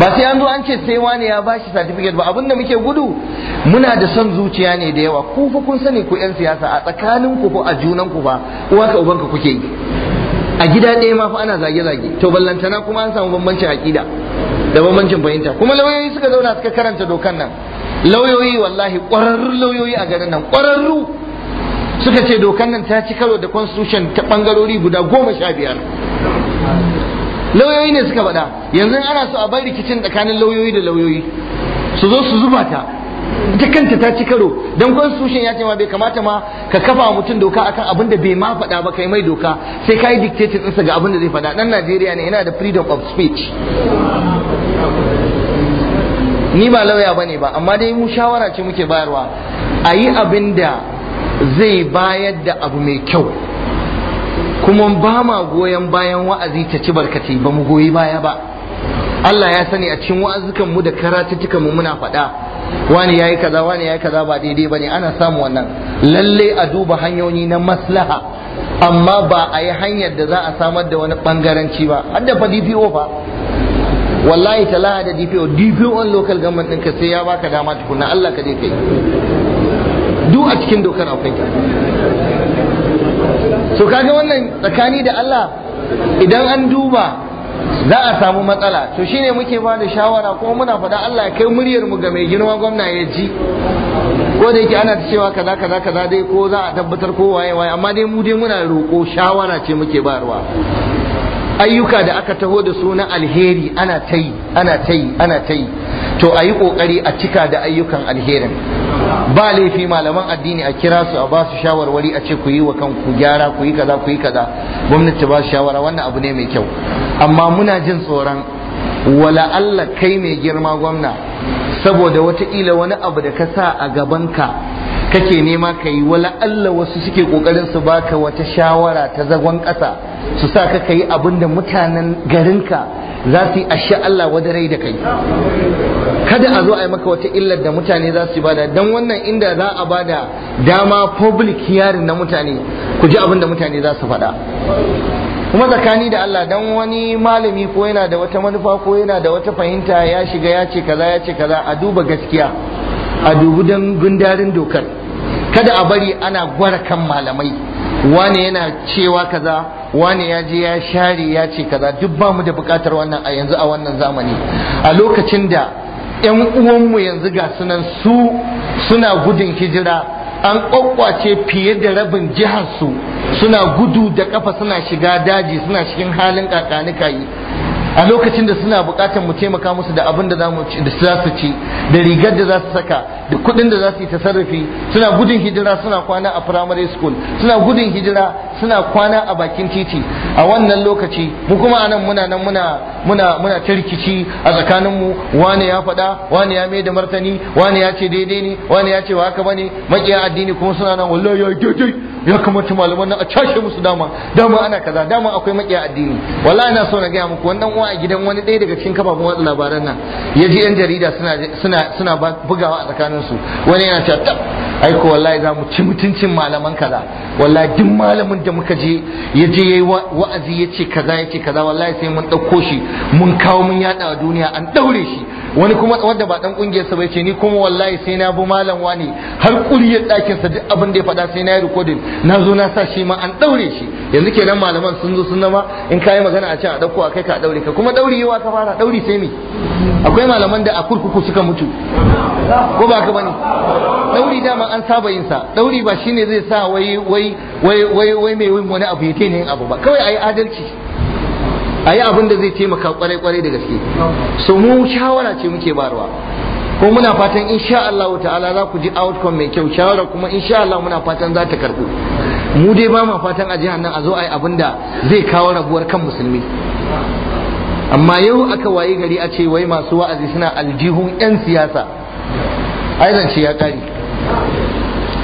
ba sai an zo an ce sai wani ya ba shi certificate ba abinda muke gudu muna da son zuciya ne da yawa ku fa kun sani ku yan siyasa a tsakanin ku ko a junan ku fa uwa ka ubanka kuke yi a gida ɗaya ma fa ana zage zage to ballantana kuma an samu bambancin aƙida da bambancin fahimta kuma lauyoyi suka zauna suka karanta dokan nan lauyoyi wallahi ƙwararru lauyoyi a garin nan ƙwararru suka ce dokan nan ta ci karo da constitution ta ɓangarori guda goma sha biyar lauyoyi ne suka faɗa yanzu ana so a bar rikicin tsakanin lauyoyi da lauyoyi su zo su zuba ta ita kanta ta ci karo don sushen ya ce ma bai kamata ma ka kafa mutum doka akan abin da bai ma faɗa ba kai mai doka sai ka yi dictating ɗinsa ga abin da zai faɗa ɗan Najeriya ne yana da freedom of speech ni ba lauya ba ne ba amma dai mu shawara ce muke bayarwa a yi abin da zai bayar da abu mai kyau kuma ba ma goyon bayan wa'azi ta ci barkatai ba mu goyi baya ba Allah ya sani a cikin wa'azukan mu da karatuttukan mu muna faɗa wani yayi kaza wani yayi kaza ba daidai bane ana samu wannan lalle a duba hanyoyi na maslaha amma ba a yi hanyar da za a samar da wani bangaranci ba har da fa DPO fa wallahi talaha da DPO DPO local government ka sai ya baka dama tukuna Allah ka je kai duk a cikin dokar akwai so kaga wannan tsakani da Allah idan an duba za a samu matsala to shine muke ba da shawara kuma muna faɗa Allah ya kai muryar mu ga mai girma gwamna ya ji ko da yake ana cewa kaza kaza kaza dai ko za a tabbatar ko waye waye amma dai mu dai muna roƙo shawara ce muke bayarwa ayyuka da aka taho da su na alheri ana ta ana ta ana ta to a yi ƙoƙari a cika da ayyukan alherin ba laifi malaman addini a kira su a ba su shawarwari a ce ku yi wa kanku gyara ku yi kaza ku yi kaza gwamnati ba su shawara wannan abu ne mai kyau amma muna jin tsoron wala Allah kai mai girma gwamna saboda wataƙila wani abu da ka sa a gaban ka kake nema ka yi wala Allah wasu suke ƙoƙarin su baka wata shawara ta zagon ƙasa su sa ka yi abin da mutanen garinka za su yi ashe Allah rai da kai kada a zo a yi maka wata illar da mutane za su bada don wannan inda za a bada dama public yarin na mutane ku ji abin da mutane za su faɗa kuma tsakani da Allah dan wani malami ko yana da wata manufa ko yana da wata fahimta ya shiga ya ce kaza ya ce kaza a duba gaskiya a dubi don gundarin dokar kada a bari ana gwara kan malamai wani yana cewa kaza wani ya je ya share ya ce kaza duk ba mu da bukatar wannan a yanzu a wannan zamani a lokacin da yan uwanmu yanzu ga sunan su suna gudun hijira an kwakwace fiye da rabin jihar su suna gudu da kafa suna shiga daji suna cikin halin kakanikayi kayi. a lokacin da suna bukatar mu taimaka musu da abin da za su ci da rigar da za su saka da kuɗin da za su yi sarrafi suna gudun hijira suna kwana a primary school suna gudun hijira suna kwana a bakin titi a wannan lokaci mu kuma anan muna nan muna muna muna ta rikici a tsakanin mu wani ya faɗa wani ya mai da martani wani ya ce daidai ne wani ya ce ba haka bane maƙiya addini kuma suna nan wallahi ya ya kamata malaman nan a cashe musu dama dama ana kaza dama akwai makiya addini wallahi ina so na gaya muku wannan uwa a gidan wani ɗaya daga cikin kafafen watsa labaran nan ya ji yan jarida suna suna bugawa a tsakanin su wani yana cewa aiko wallahi za mu ci mutuncin malaman kaza wallahi duk malamin da muka je ya je yayi wa'azi ya ce kaza ya ce kaza wallahi sai mun ɗauko shi mun kawo mun yada a duniya an ɗaure shi wani kuma wanda ba ɗan ƙungiyar sa bai ce ni kuma wallahi sai na bi malam wani har ƙuriyar ɗakin sa duk abin da ya faɗa sai na yi rikodin na zo na sa shi ma an ɗaure shi yanzu kenan malaman sun zo sun zama in ka yi magana a ce a ɗauko a kai ka ɗaure ka kuma ɗaure yawa ka fara ɗaure sai me akwai malaman da a kurkuku suka mutu ko ba ka bane dauri dama an saba yin sa dauri ba shine zai sa wai wai wai wai mai wani wani abu yake ne abu ba kawai ayi adalci ayi abin da zai taimaka kwarai kwarai da gaske so mu shawara ce muke barwa ko muna fatan insha Allah ta'ala za ku ji outcome mai kyau shawara kuma insha Allah muna fatan za ta karbu mu dai ba ma fatan a jihar nan a zo a yi abin da zai kawo rabuwar kan musulmi amma yau aka waye gari a ce wai masu wa'azi suna aljihun 'yan siyasa ai zance ya kare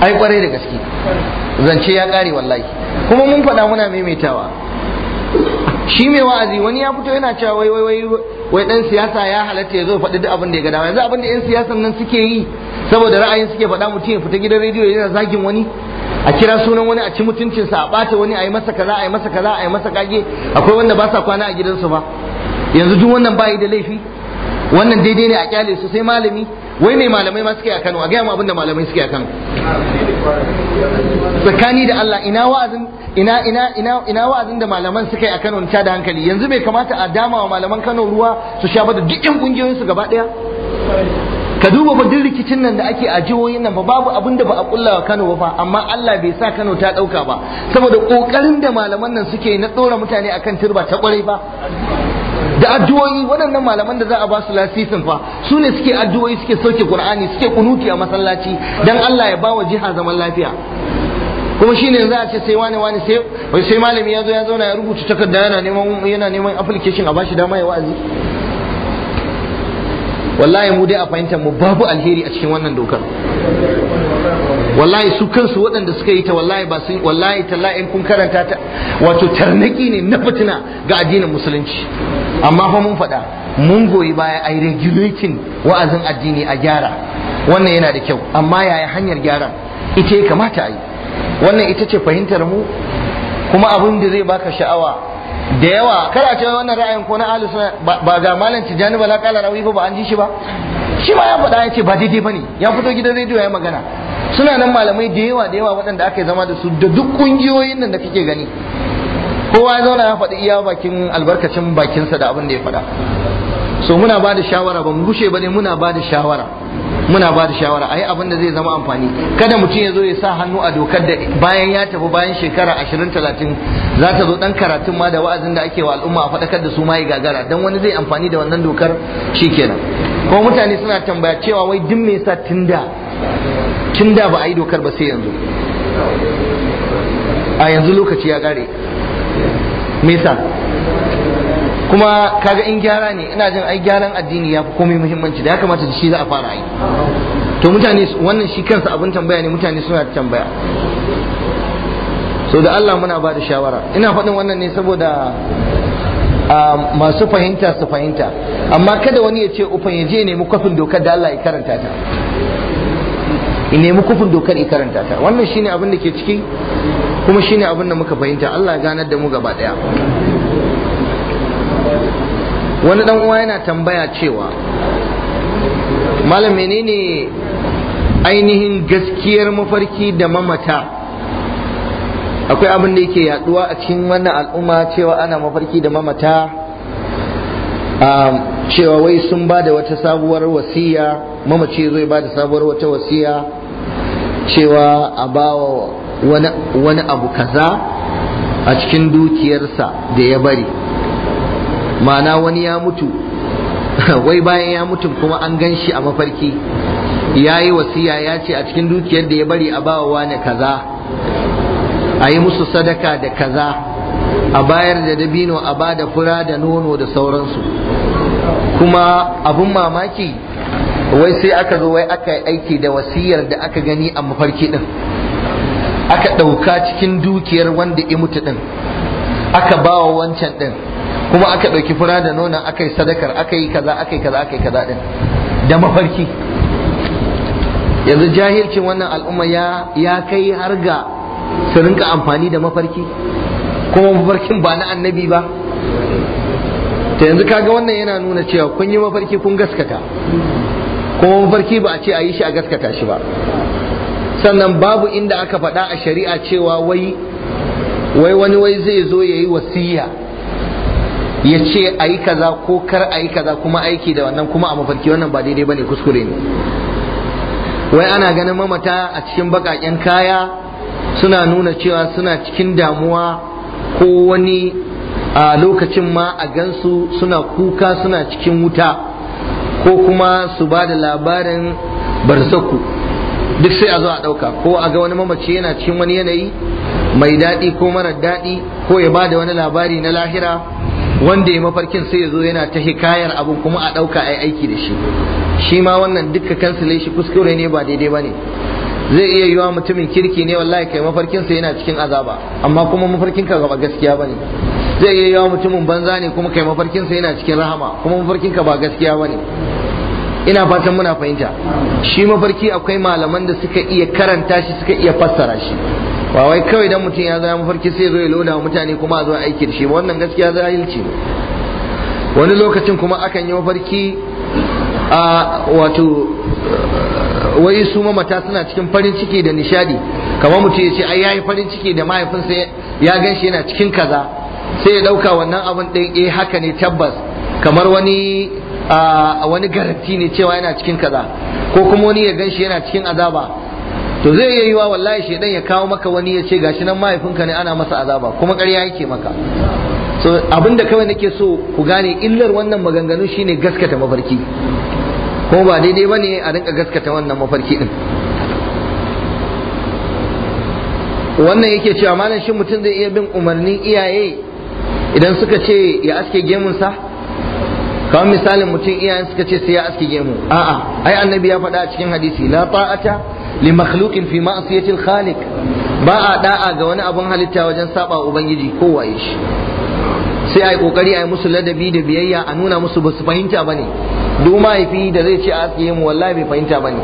ai kwarai da gaske zance ya kare wallahi kuma mun faɗa muna maimaitawa shi mai wa'azi wani ya fito yana cewa wai wai wai dan siyasa ya halatta ya zo faɗi duk abin da ya ga dama yanzu abin da yan siyasan nan suke yi saboda ra'ayin suke faɗa mutum ya fita gidan rediyo yana zagin wani a kira sunan wani a ci mutuncinsa a ɓata wani a yi masa kaza a yi masa kaza a yi masa kage akwai wanda ba sa kwana a gidansu ba yanzu duk wannan yi da laifi wannan daidai ne a kyale su sai malami wai mai malamai ma suke a Kano a gaya mu abinda malamai suke a Kano tsakani da Allah ina wa'azin da malaman suka yi a Kano ta da hankali yanzu bai kamata a dama wa malaman Kano ruwa su sha bada duk yan kungiyoyin su gaba daya ka duba ba duk rikicin nan da ake a jihohin nan ba babu abin da ba a kulla wa Kano ba amma Allah bai sa Kano ta dauka ba saboda kokarin da malaman nan suke na tsora mutane akan turba ta kwarai ba da addu'o'i waɗannan malaman da za a ba su lasisin fa su ne suke addu'o'i suke sauke qur'ani suke kunuti a masallaci dan Allah ya bawa jiha zaman lafiya kuma shine za a ce sai wani wani sai sai malami ya zo ya zauna ya rubuta takarda yana neman yana neman application a bashi dama ya wa'azi wallahi mu dai a fahimtar mu babu alheri a cikin wannan dokar wallahi su kansu waɗanda suka yi ta wallahi ba sun wallahi tallahi kun karanta ta wato tarnaki ne na fitina ga addinin musulunci amma fa mun faɗa mun goyi baya ai regulating wa'azin addini a gyara wannan yana da kyau amma yaya hanyar gyara ita ya kamata a wannan ita ce fahimtar mu kuma abin da zai baka sha'awa da yawa kada ce wannan ra'ayin ko na ahlus sunna ba ga malam tijani bala kala rawi ba an ji shi ba shi ma ya faɗa ya ce ba daidai bane ya fito gidan rediyo ya magana suna nan malamai da yawa da yawa waɗanda aka zama da su da duk kungiyoyin nan da kake gani kowa ya zauna ya faɗi iya bakin albarkacin bakinsa da abin da ya faɗa so muna ba da shawara ba mu gushe ba ne muna ba da shawara muna ba da shawara ayi abin da zai zama amfani kada mutum ya zo ya sa hannu a dokar da bayan ya tafi bayan shekara ashirin talatin za ta zo dan karatun ma da wa'azin da ake wa al'umma a faɗakar da su ma ya gagara dan wani zai amfani da wannan dokar shikenan kuma mutane suna tambaya cewa wai duk me yasa tunda tunda ba a yi dokar ba sai yanzu a yanzu lokaci ya gare me yasa kuma kaga in gyara ne ina jin ai gyaran addini ya fi komai muhimmanci da ya kamata da shi za a fara yi to mutane wannan shi kansa abin tambaya ne mutane suna tambaya so da Allah muna ba da shawara ina faɗin wannan ne saboda masu fahimta su fahimta amma kada wani ya ce ufan ya je nemi kwafin dokar da Allah ya karanta ta in nemi kufin dokar ya karanta ta wannan shine abin da ke ciki kuma shine abin da muka fahimta Allah ya ganar da mu gaba daya wani dan uwa yana tambaya cewa malam menene ainihin gaskiyar mafarki da mamata akwai abin da yake yaduwa a cikin wannan al'umma cewa ana mafarki da mamata cewa wai sun ba da wata sabuwar wasiya mamaci zai ba da sabuwar wata wasiya cewa a bawa wani abu kaza a cikin dukiyarsa da ya bari ma'ana wani ya mutu [LAUGHS] wai bayan ya mutu kuma an gan shi a mafarki ya yi wasiya ya ce a cikin dukiyar da ya bari a bawa wani kaza a yi musu sadaka da kaza a bayar da dabino a ba da fura da nono da sauransu kuma abun mamaki wai sai aka zo wai aka yi aiki da wasiyar da aka gani a mafarki din aka ɗauka cikin dukiyar wanda ya mutu din aka bawa wancan din kuma aka ɗauki fura da nonon aka yi sadakar aka yi kaza aka yi kaza aka yi kaza ɗin da mafarki yanzu jahilcin wannan al'umma ya kai har ga su rinka amfani da mafarki kuma mafarkin ba na annabi ba ta yanzu kaga wannan yana nuna cewa kun yi mafarki kun gaskata kuma mafarki ba a ce a yi shi a gaskata shi ba sannan babu inda aka faɗa a shari'a cewa wai wai wani wai zai zo ya yi wasiya ya ce a yi kaza ko kar a yi kaza kuma aiki da wannan kuma a mafarki wannan ba daidai bane kuskure ne wai ana ganin mamata a cikin baƙaƙen kaya suna nuna cewa suna cikin damuwa ko wani a lokacin ma a gansu suna kuka suna cikin wuta ko kuma su ba da labarin barzaku duk sai a zo a ɗauka ko a ga wani mamaci yana cikin wani yanayi mai daɗi ko marar daɗi ko ya ba da wani labari na lahira wanda ya mafarkin sai ya zo yana ta hikayar abu kuma a ɗauka a aiki da shi shi ma wannan duka kansile shi kuskure ne ba daidai ba ne zai iya yiwa mutumin kirki ne wallahi kai mafarkin mafarkinsa yana cikin azaba amma kuma mafarkin ka ba gaskiya ba ne zai iya yiwa mutumin banza ne kuma kai mafarkinsa yana cikin rahama kuma mafarkin ka ba gaskiya ba ne ina fatan muna fahimta shi mafarki akwai malaman da suka iya karanta shi suka iya fassara shi ba wai kawai dan mutum ya zama mafarki sai zo ya loda wa mutane kuma a zo aiki da shi wannan gaskiya zahilci ne wani lokacin kuma akan yi mafarki a wato wai su mamata suna cikin farin ciki da nishadi kamar mutum ya ce ai yayi farin ciki da mahaifinsa ya gan shi yana cikin kaza sai ya dauka wannan abin ɗin eh haka ne tabbas kamar wani a wani garanti ne cewa yana cikin kaza ko kuma wani ya gan shi yana cikin azaba to zai iya yiwa wallahi shedan ya kawo maka wani ya ce gashi nan mahaifinka ne ana masa azaba kuma ƙarya yake maka so abinda kawai nake so ku gane illar wannan maganganu shine gaskata mafarki kuma ba daidai bane a rinka gaskata wannan mafarki din wannan yake cewa malam shin mutum zai iya bin umarnin iyaye idan suka ce ya aske gemunsa kamar misalin mutum iyayen suka ce sai ya aski gemu a'a ai annabi ya faɗa a cikin hadisi la ta'ata li makhluqin fi ma'siyati al-khaliq ba a da'a ga wani abun halitta wajen saba ubangiji ko waye shi sai ai kokari ai musu ladabi da biyayya a nuna musu basu fahimta bane duk mahaifi da zai ce aske mu wallahi bai fahimta bane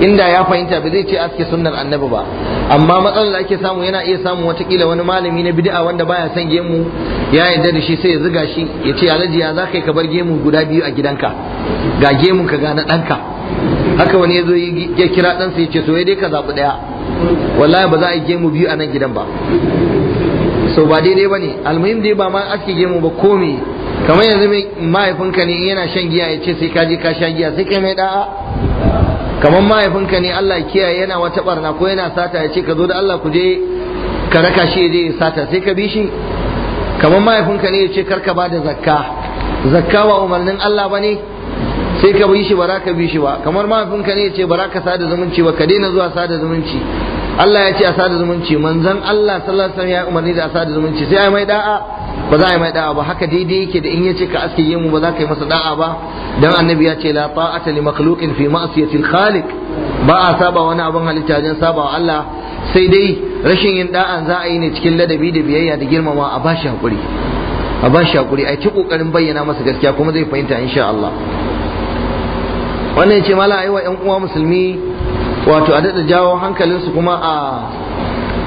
inda ya fahimta bai zai ce aske sunnar annabi ba amma matsalar da ake samu yana iya samun watakila wani malami na bid'a wanda baya son gemu ya yarda da shi sai ya ziga shi ya ce alhaji ya za kai ka bar gemu guda biyu a gidanka ga gemun ka ga na ɗanka haka wani ya zo ya kira ɗansa ya ce so dai ka zaɓi ɗaya wallahi ba za a yi gemu biyu a nan gidan ba so ba daidai ba ne almuhim dai ba ma aske gemu ba ko me kamar yanzu mai mahaifinka ne yana shan giya ya ce sai ka je ka sha giya sai kai mai da'a kamar mahaifinka ne Allah ya kiyaye yana wata barna ko yana sata ya ce ka zo da Allah ku je ka raka shi je sata sai ka bi shi kamar mahaifinka ne ya ce kar ka bada zakka zakka ba umarnin Allah ba ne sai ka bi shi ba ka bi shi ba kamar mahaifinka ne ya ce ba za ka sada zumunci ba ka daina zuwa sada zumunci Allah ya ce a sada zumunci manzon Allah sallallahu alaihi wasallam ya umarni da a sada zumunci sai ai mai da'a ba za a yi mai da'a ba haka daidai yake da in yace ka aske gemu ba za ka yi masa da'a ba dan annabi ya ce la ta'ata li makhluqin fi ma'siyati al-khaliq ba a saba wani abin halitta wajen saba wa Allah sai dai rashin yin ɗa'an za a yi ne cikin ladabi da biyayya da girmama a bashi hakuri a bashi hakuri a ci kokarin bayyana masa gaskiya kuma zai fahimta insha Allah wannan ce mala ayi wa ƴan uwa musulmi wato a dada jawo hankalinsu kuma a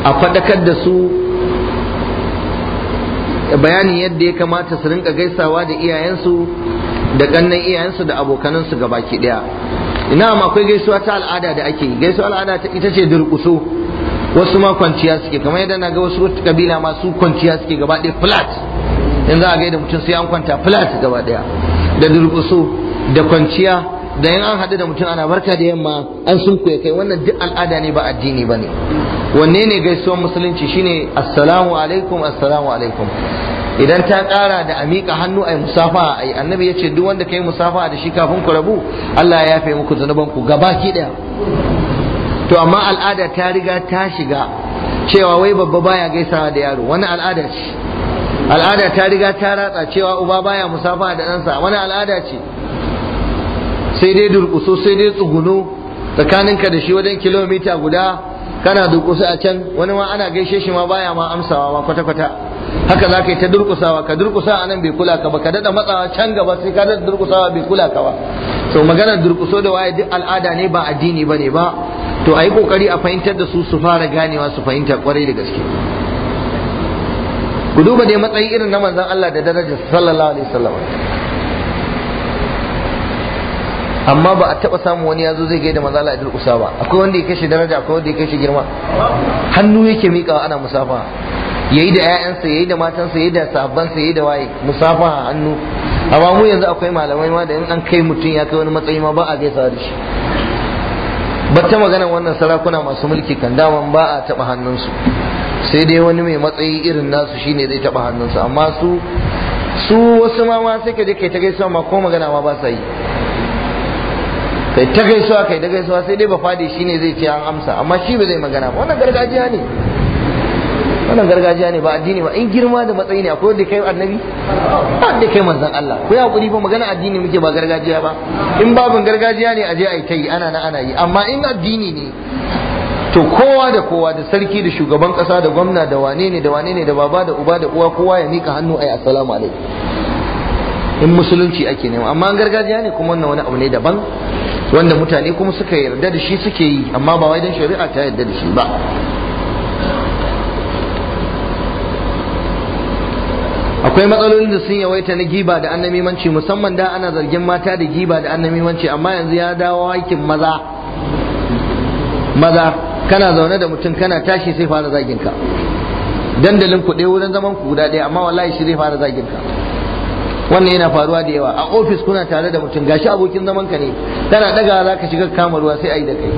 a faɗakar da su bayanin yadda ya kamata su rinka gaisawa da iyayensu da ƙannan iyayensu da abokanansu ga baki ɗaya. ina ma akwai gaisuwa ta al'ada da ake gaisuwa al'ada ita ce durƙuso wasu ma kwanciya suke kamar yadda na ga wasu kabila ma su kwanciya suke gaba ɗaya flat in za a gaida mutum sai an kwanta flat gaba ɗaya da durƙuso da kwanciya da yan an haɗu da mutum ana barka da yamma an sunkuya kai wannan duk al'ada ne ba addini ba ne wanne ne gaisuwan musulunci shine assalamu alaikum assalamu alaikum idan ta ƙara da a miƙa hannu a yi musafa a yi annabi ya ce duk wanda ka yi musafa da shi kafin ku rabu Allah ya yafe muku zunuban ku gaba ki ɗaya to amma al'ada ta riga ta shiga cewa wai babba baya gaisawa da yaro wani al'ada ce al'ada ta riga ta ratsa cewa uba baya musafa da ɗansa wani al'ada ce sai dai durƙuso sai dai tsuguno tsakaninka da shi wajen kilomita guda kana durƙusa a can wani ma ana gaishe shi ma baya ma amsawa ma kwata-kwata haka za ka yi ta durƙusawa ka durƙusa a nan bai kula ka ba ka daɗa matsawa can gaba sai ka daɗa durƙusawa bai kula ka ba to maganar durƙuso da waye duk al'ada ne ba addini ba ne ba to a yi ƙoƙari a fahimtar da su su fara ganewa su fahimta ƙwarai da gaske ku duba dai matsayi irin na manzon Allah da darajar sallallahu alaihi wasallam amma ba a taba samu wani yazo zai gaida manzo Allah ya ba akwai wanda ya shi daraja akwai wanda ya shi girma hannu yake miƙawa ana musafa yayi da ƴaƴansa yayi da matansa yayi da sahabbansa yayi da waye musafa hannu amma mu yanzu akwai malamai ma da in an kai mutum ya kai wani matsayi ma ba a gaisa da shi batta maganar wannan sarakuna masu mulki kan daman ba a taba hannunsu sai dai wani mai matsayi irin nasu shine zai taba hannunsu amma su su wasu ma ma sai ka je kai ta gaisuwa ma ko magana ma ba sa yi kai ta gaisuwa kai da gaisuwa sai dai ba fadi shine zai ce an amsa amma shi ba zai magana ba wannan gargajiya ne wannan gargajiya ne ba addini ba in girma da matsayi ne akwai wanda kai annabi ba wanda kai manzon Allah ku hakuri ba magana addini muke ba gargajiya ba in babin gargajiya ne aje ai tai ana na ana yi amma in addini ne to kowa da kowa da sarki da shugaban kasa da gwamna da wane ne da wane ne da baba da uba da uwa kowa ya mika hannu ai assalamu alaikum in musulunci ake nema amma gargajiya ne kuma wannan wani abu ne daban wanda mutane kuma suka yarda da shi suke yi amma ba wai dan shari'a ta yarda da shi ba akwai matsalolin da sun yawaita na giba da annamimanci musamman da ana zargin mata da giba da annamimanci amma yanzu ya dawo aikin maza maza kana zaune da mutum kana tashi sai fara zagin ka dandalin ku ɗaya wurin zaman ku guda ɗaya amma wallahi shi zai fara zagin ka wannan yana faruwa da yawa a ofis kuna tare da mutum gashi abokin zaman ka ne tana daga za ka shiga kama ruwa sai a yi da kai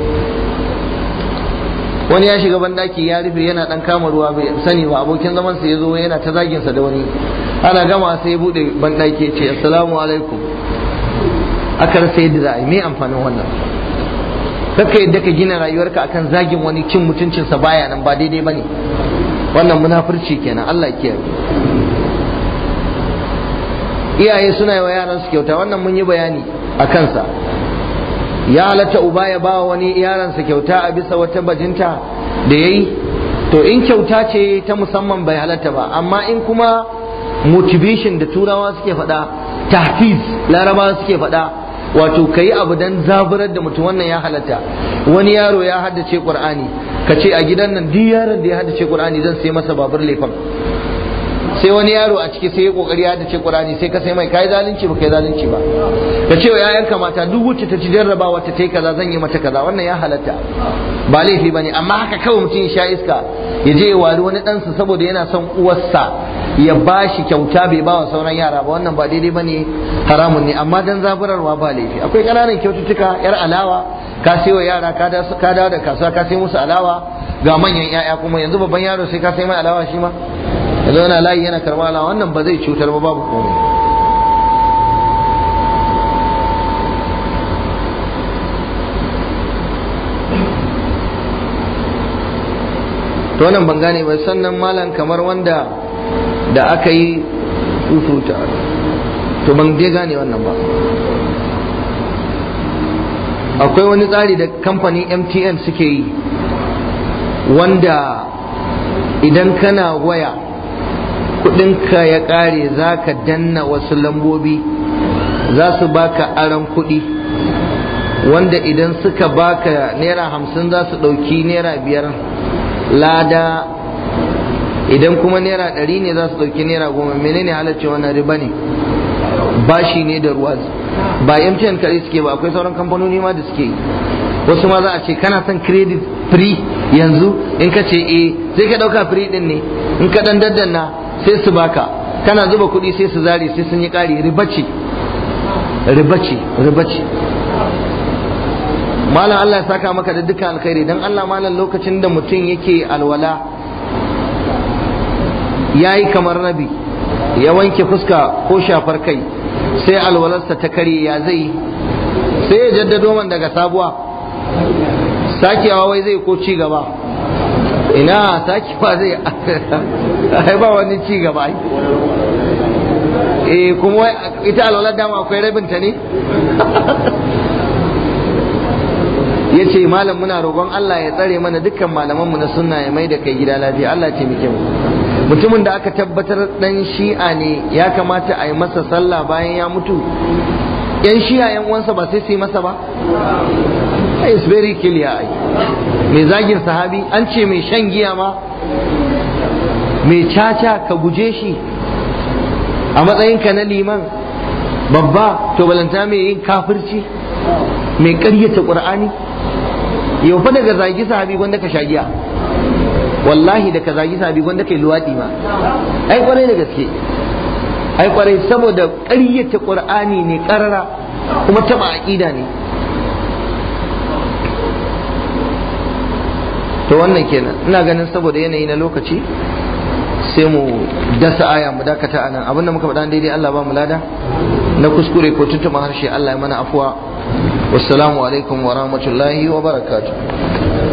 wani ya shiga bandaki ya rufe yana dan kama ruwa bai sani ba abokin zaman sa yazo yana ta zagin sa da wani ana gama sai ya bude bandaki ce assalamu alaikum aka rasa yadda za a yi me amfanin wannan kaka yadda ka gina rayuwarka akan zagin wani cin mutuncinsa baya nan ba daidai bane wannan munafurci kenan Allah ya kiyaye iyaye suna yi wa yaran su kyauta wannan mun yi bayani a kansa ya halatta uba ya ba wani yaransa kyauta a bisa wata bajinta da ya yi to in kyauta ce ta musamman bai halatta ba amma in kuma motivation da turawa suke faɗa tahfiz larabawa suke faɗa wato ka yi abu don zaburar da mutum wannan ya halatta wani yaro ya haddace ƙur'ani ka ce a gidan nan duk yaron da ya haddace ƙur'ani zan sai masa babur laifin sai wani yaro a ciki sai ya kokari ya dace Qur'ani sai ka sai mai kai zalunci ba kai zalunci ba ka ce wa yayanka mata duk wacce ta ci jarrabawa ta tai kaza zan yi mata kaza wannan ya halatta ba laifi bane amma haka kawai mutum ya sha iska ya je ya wari wani ɗansa saboda yana son uwarsa ya bashi kyauta bai ba wa sauran yara ba wannan ba daidai ba bane haramun ne amma dan zaburarwa ba laifi akwai ƙananan kyaututtuka yar alawa ka sai wa yara ka dawo da kasuwa ka sai musu alawa ga manyan 'ya'ya kuma yanzu babban yaro sai ka sai mai alawa shi ma yanzu wana layi yana karɓa ala wannan ba zai cutar ba babu komai to wannan ban gane ba sannan malam kamar wanda da aka yi tututa to ban dai gane wannan ba akwai wani tsari da kamfanin mtn suke yi wanda idan kana waya kudinka ya kare za ka danna wasu lambobi za su baka aron kudi wanda idan suka baka naira hamsin za su dauki naira biyar lada idan kuma naira ɗari ne za su dauki naira goma menene halarci wannan riba ne bashi ne da ruwa ba mtn kare suke ba akwai sauran kamfanoni ma da suke yi wasu ma za a ce kana son credit free yanzu in ka ce eh sai ka ɗauka free din ne in ka ɗan daddanna sai su baka kana zuba kuɗi sai su zare sai sun yi ƙari ribaci ribaci ribaci malam Allah ya saka maka da dukkan alkhairi dan Allah malam lokacin da mutum yake alwala yayi kamar rabi ya wanke fuska ko shafar kai sai alwalarsa ta kare ya zai sai ya jaddado man daga sabuwa sakewa wai zai ko ci gaba ina sake ba zai [LAUGHS] ba wani ci gaba yi eh kuma ita alwala dama akwai rabin ta ne [LAUGHS] yace malam muna rogon Allah ya tsare mana dukkan malaman mu na sunna ya mai da kai gida lafiya Allah ce muke mutumin da aka tabbatar dan shi'a ne ya kamata a yi masa sallah bayan ya mutu yan shi'a yan uwansa ba sai su yi masa ba wannan is very clear ai mai zagin sahabi an ce mai shan giya ma mai caca ka guje shi a matsayin ka na liman babba to balanta mai yin kafirci mai ƙaryata ƙur'ani yau fa daga zagi sahabi wanda ka shagiya wallahi daga zagi sahabi wanda kai yi luwaɗi ma ai kwarai da gaske ai kwarai saboda ƙaryata ƙur'ani ne ƙarara kuma taɓa aƙida ne to wannan kenan ina ganin saboda yanayi na lokaci sai mu dasa aya mu dakata anan abinda muka faɗa daidai Allah ba mu lada na kuskure ko tuntuma harshe Allah ya mana afuwa wassalamu alaikum wa rahmatullahi wa barakatuh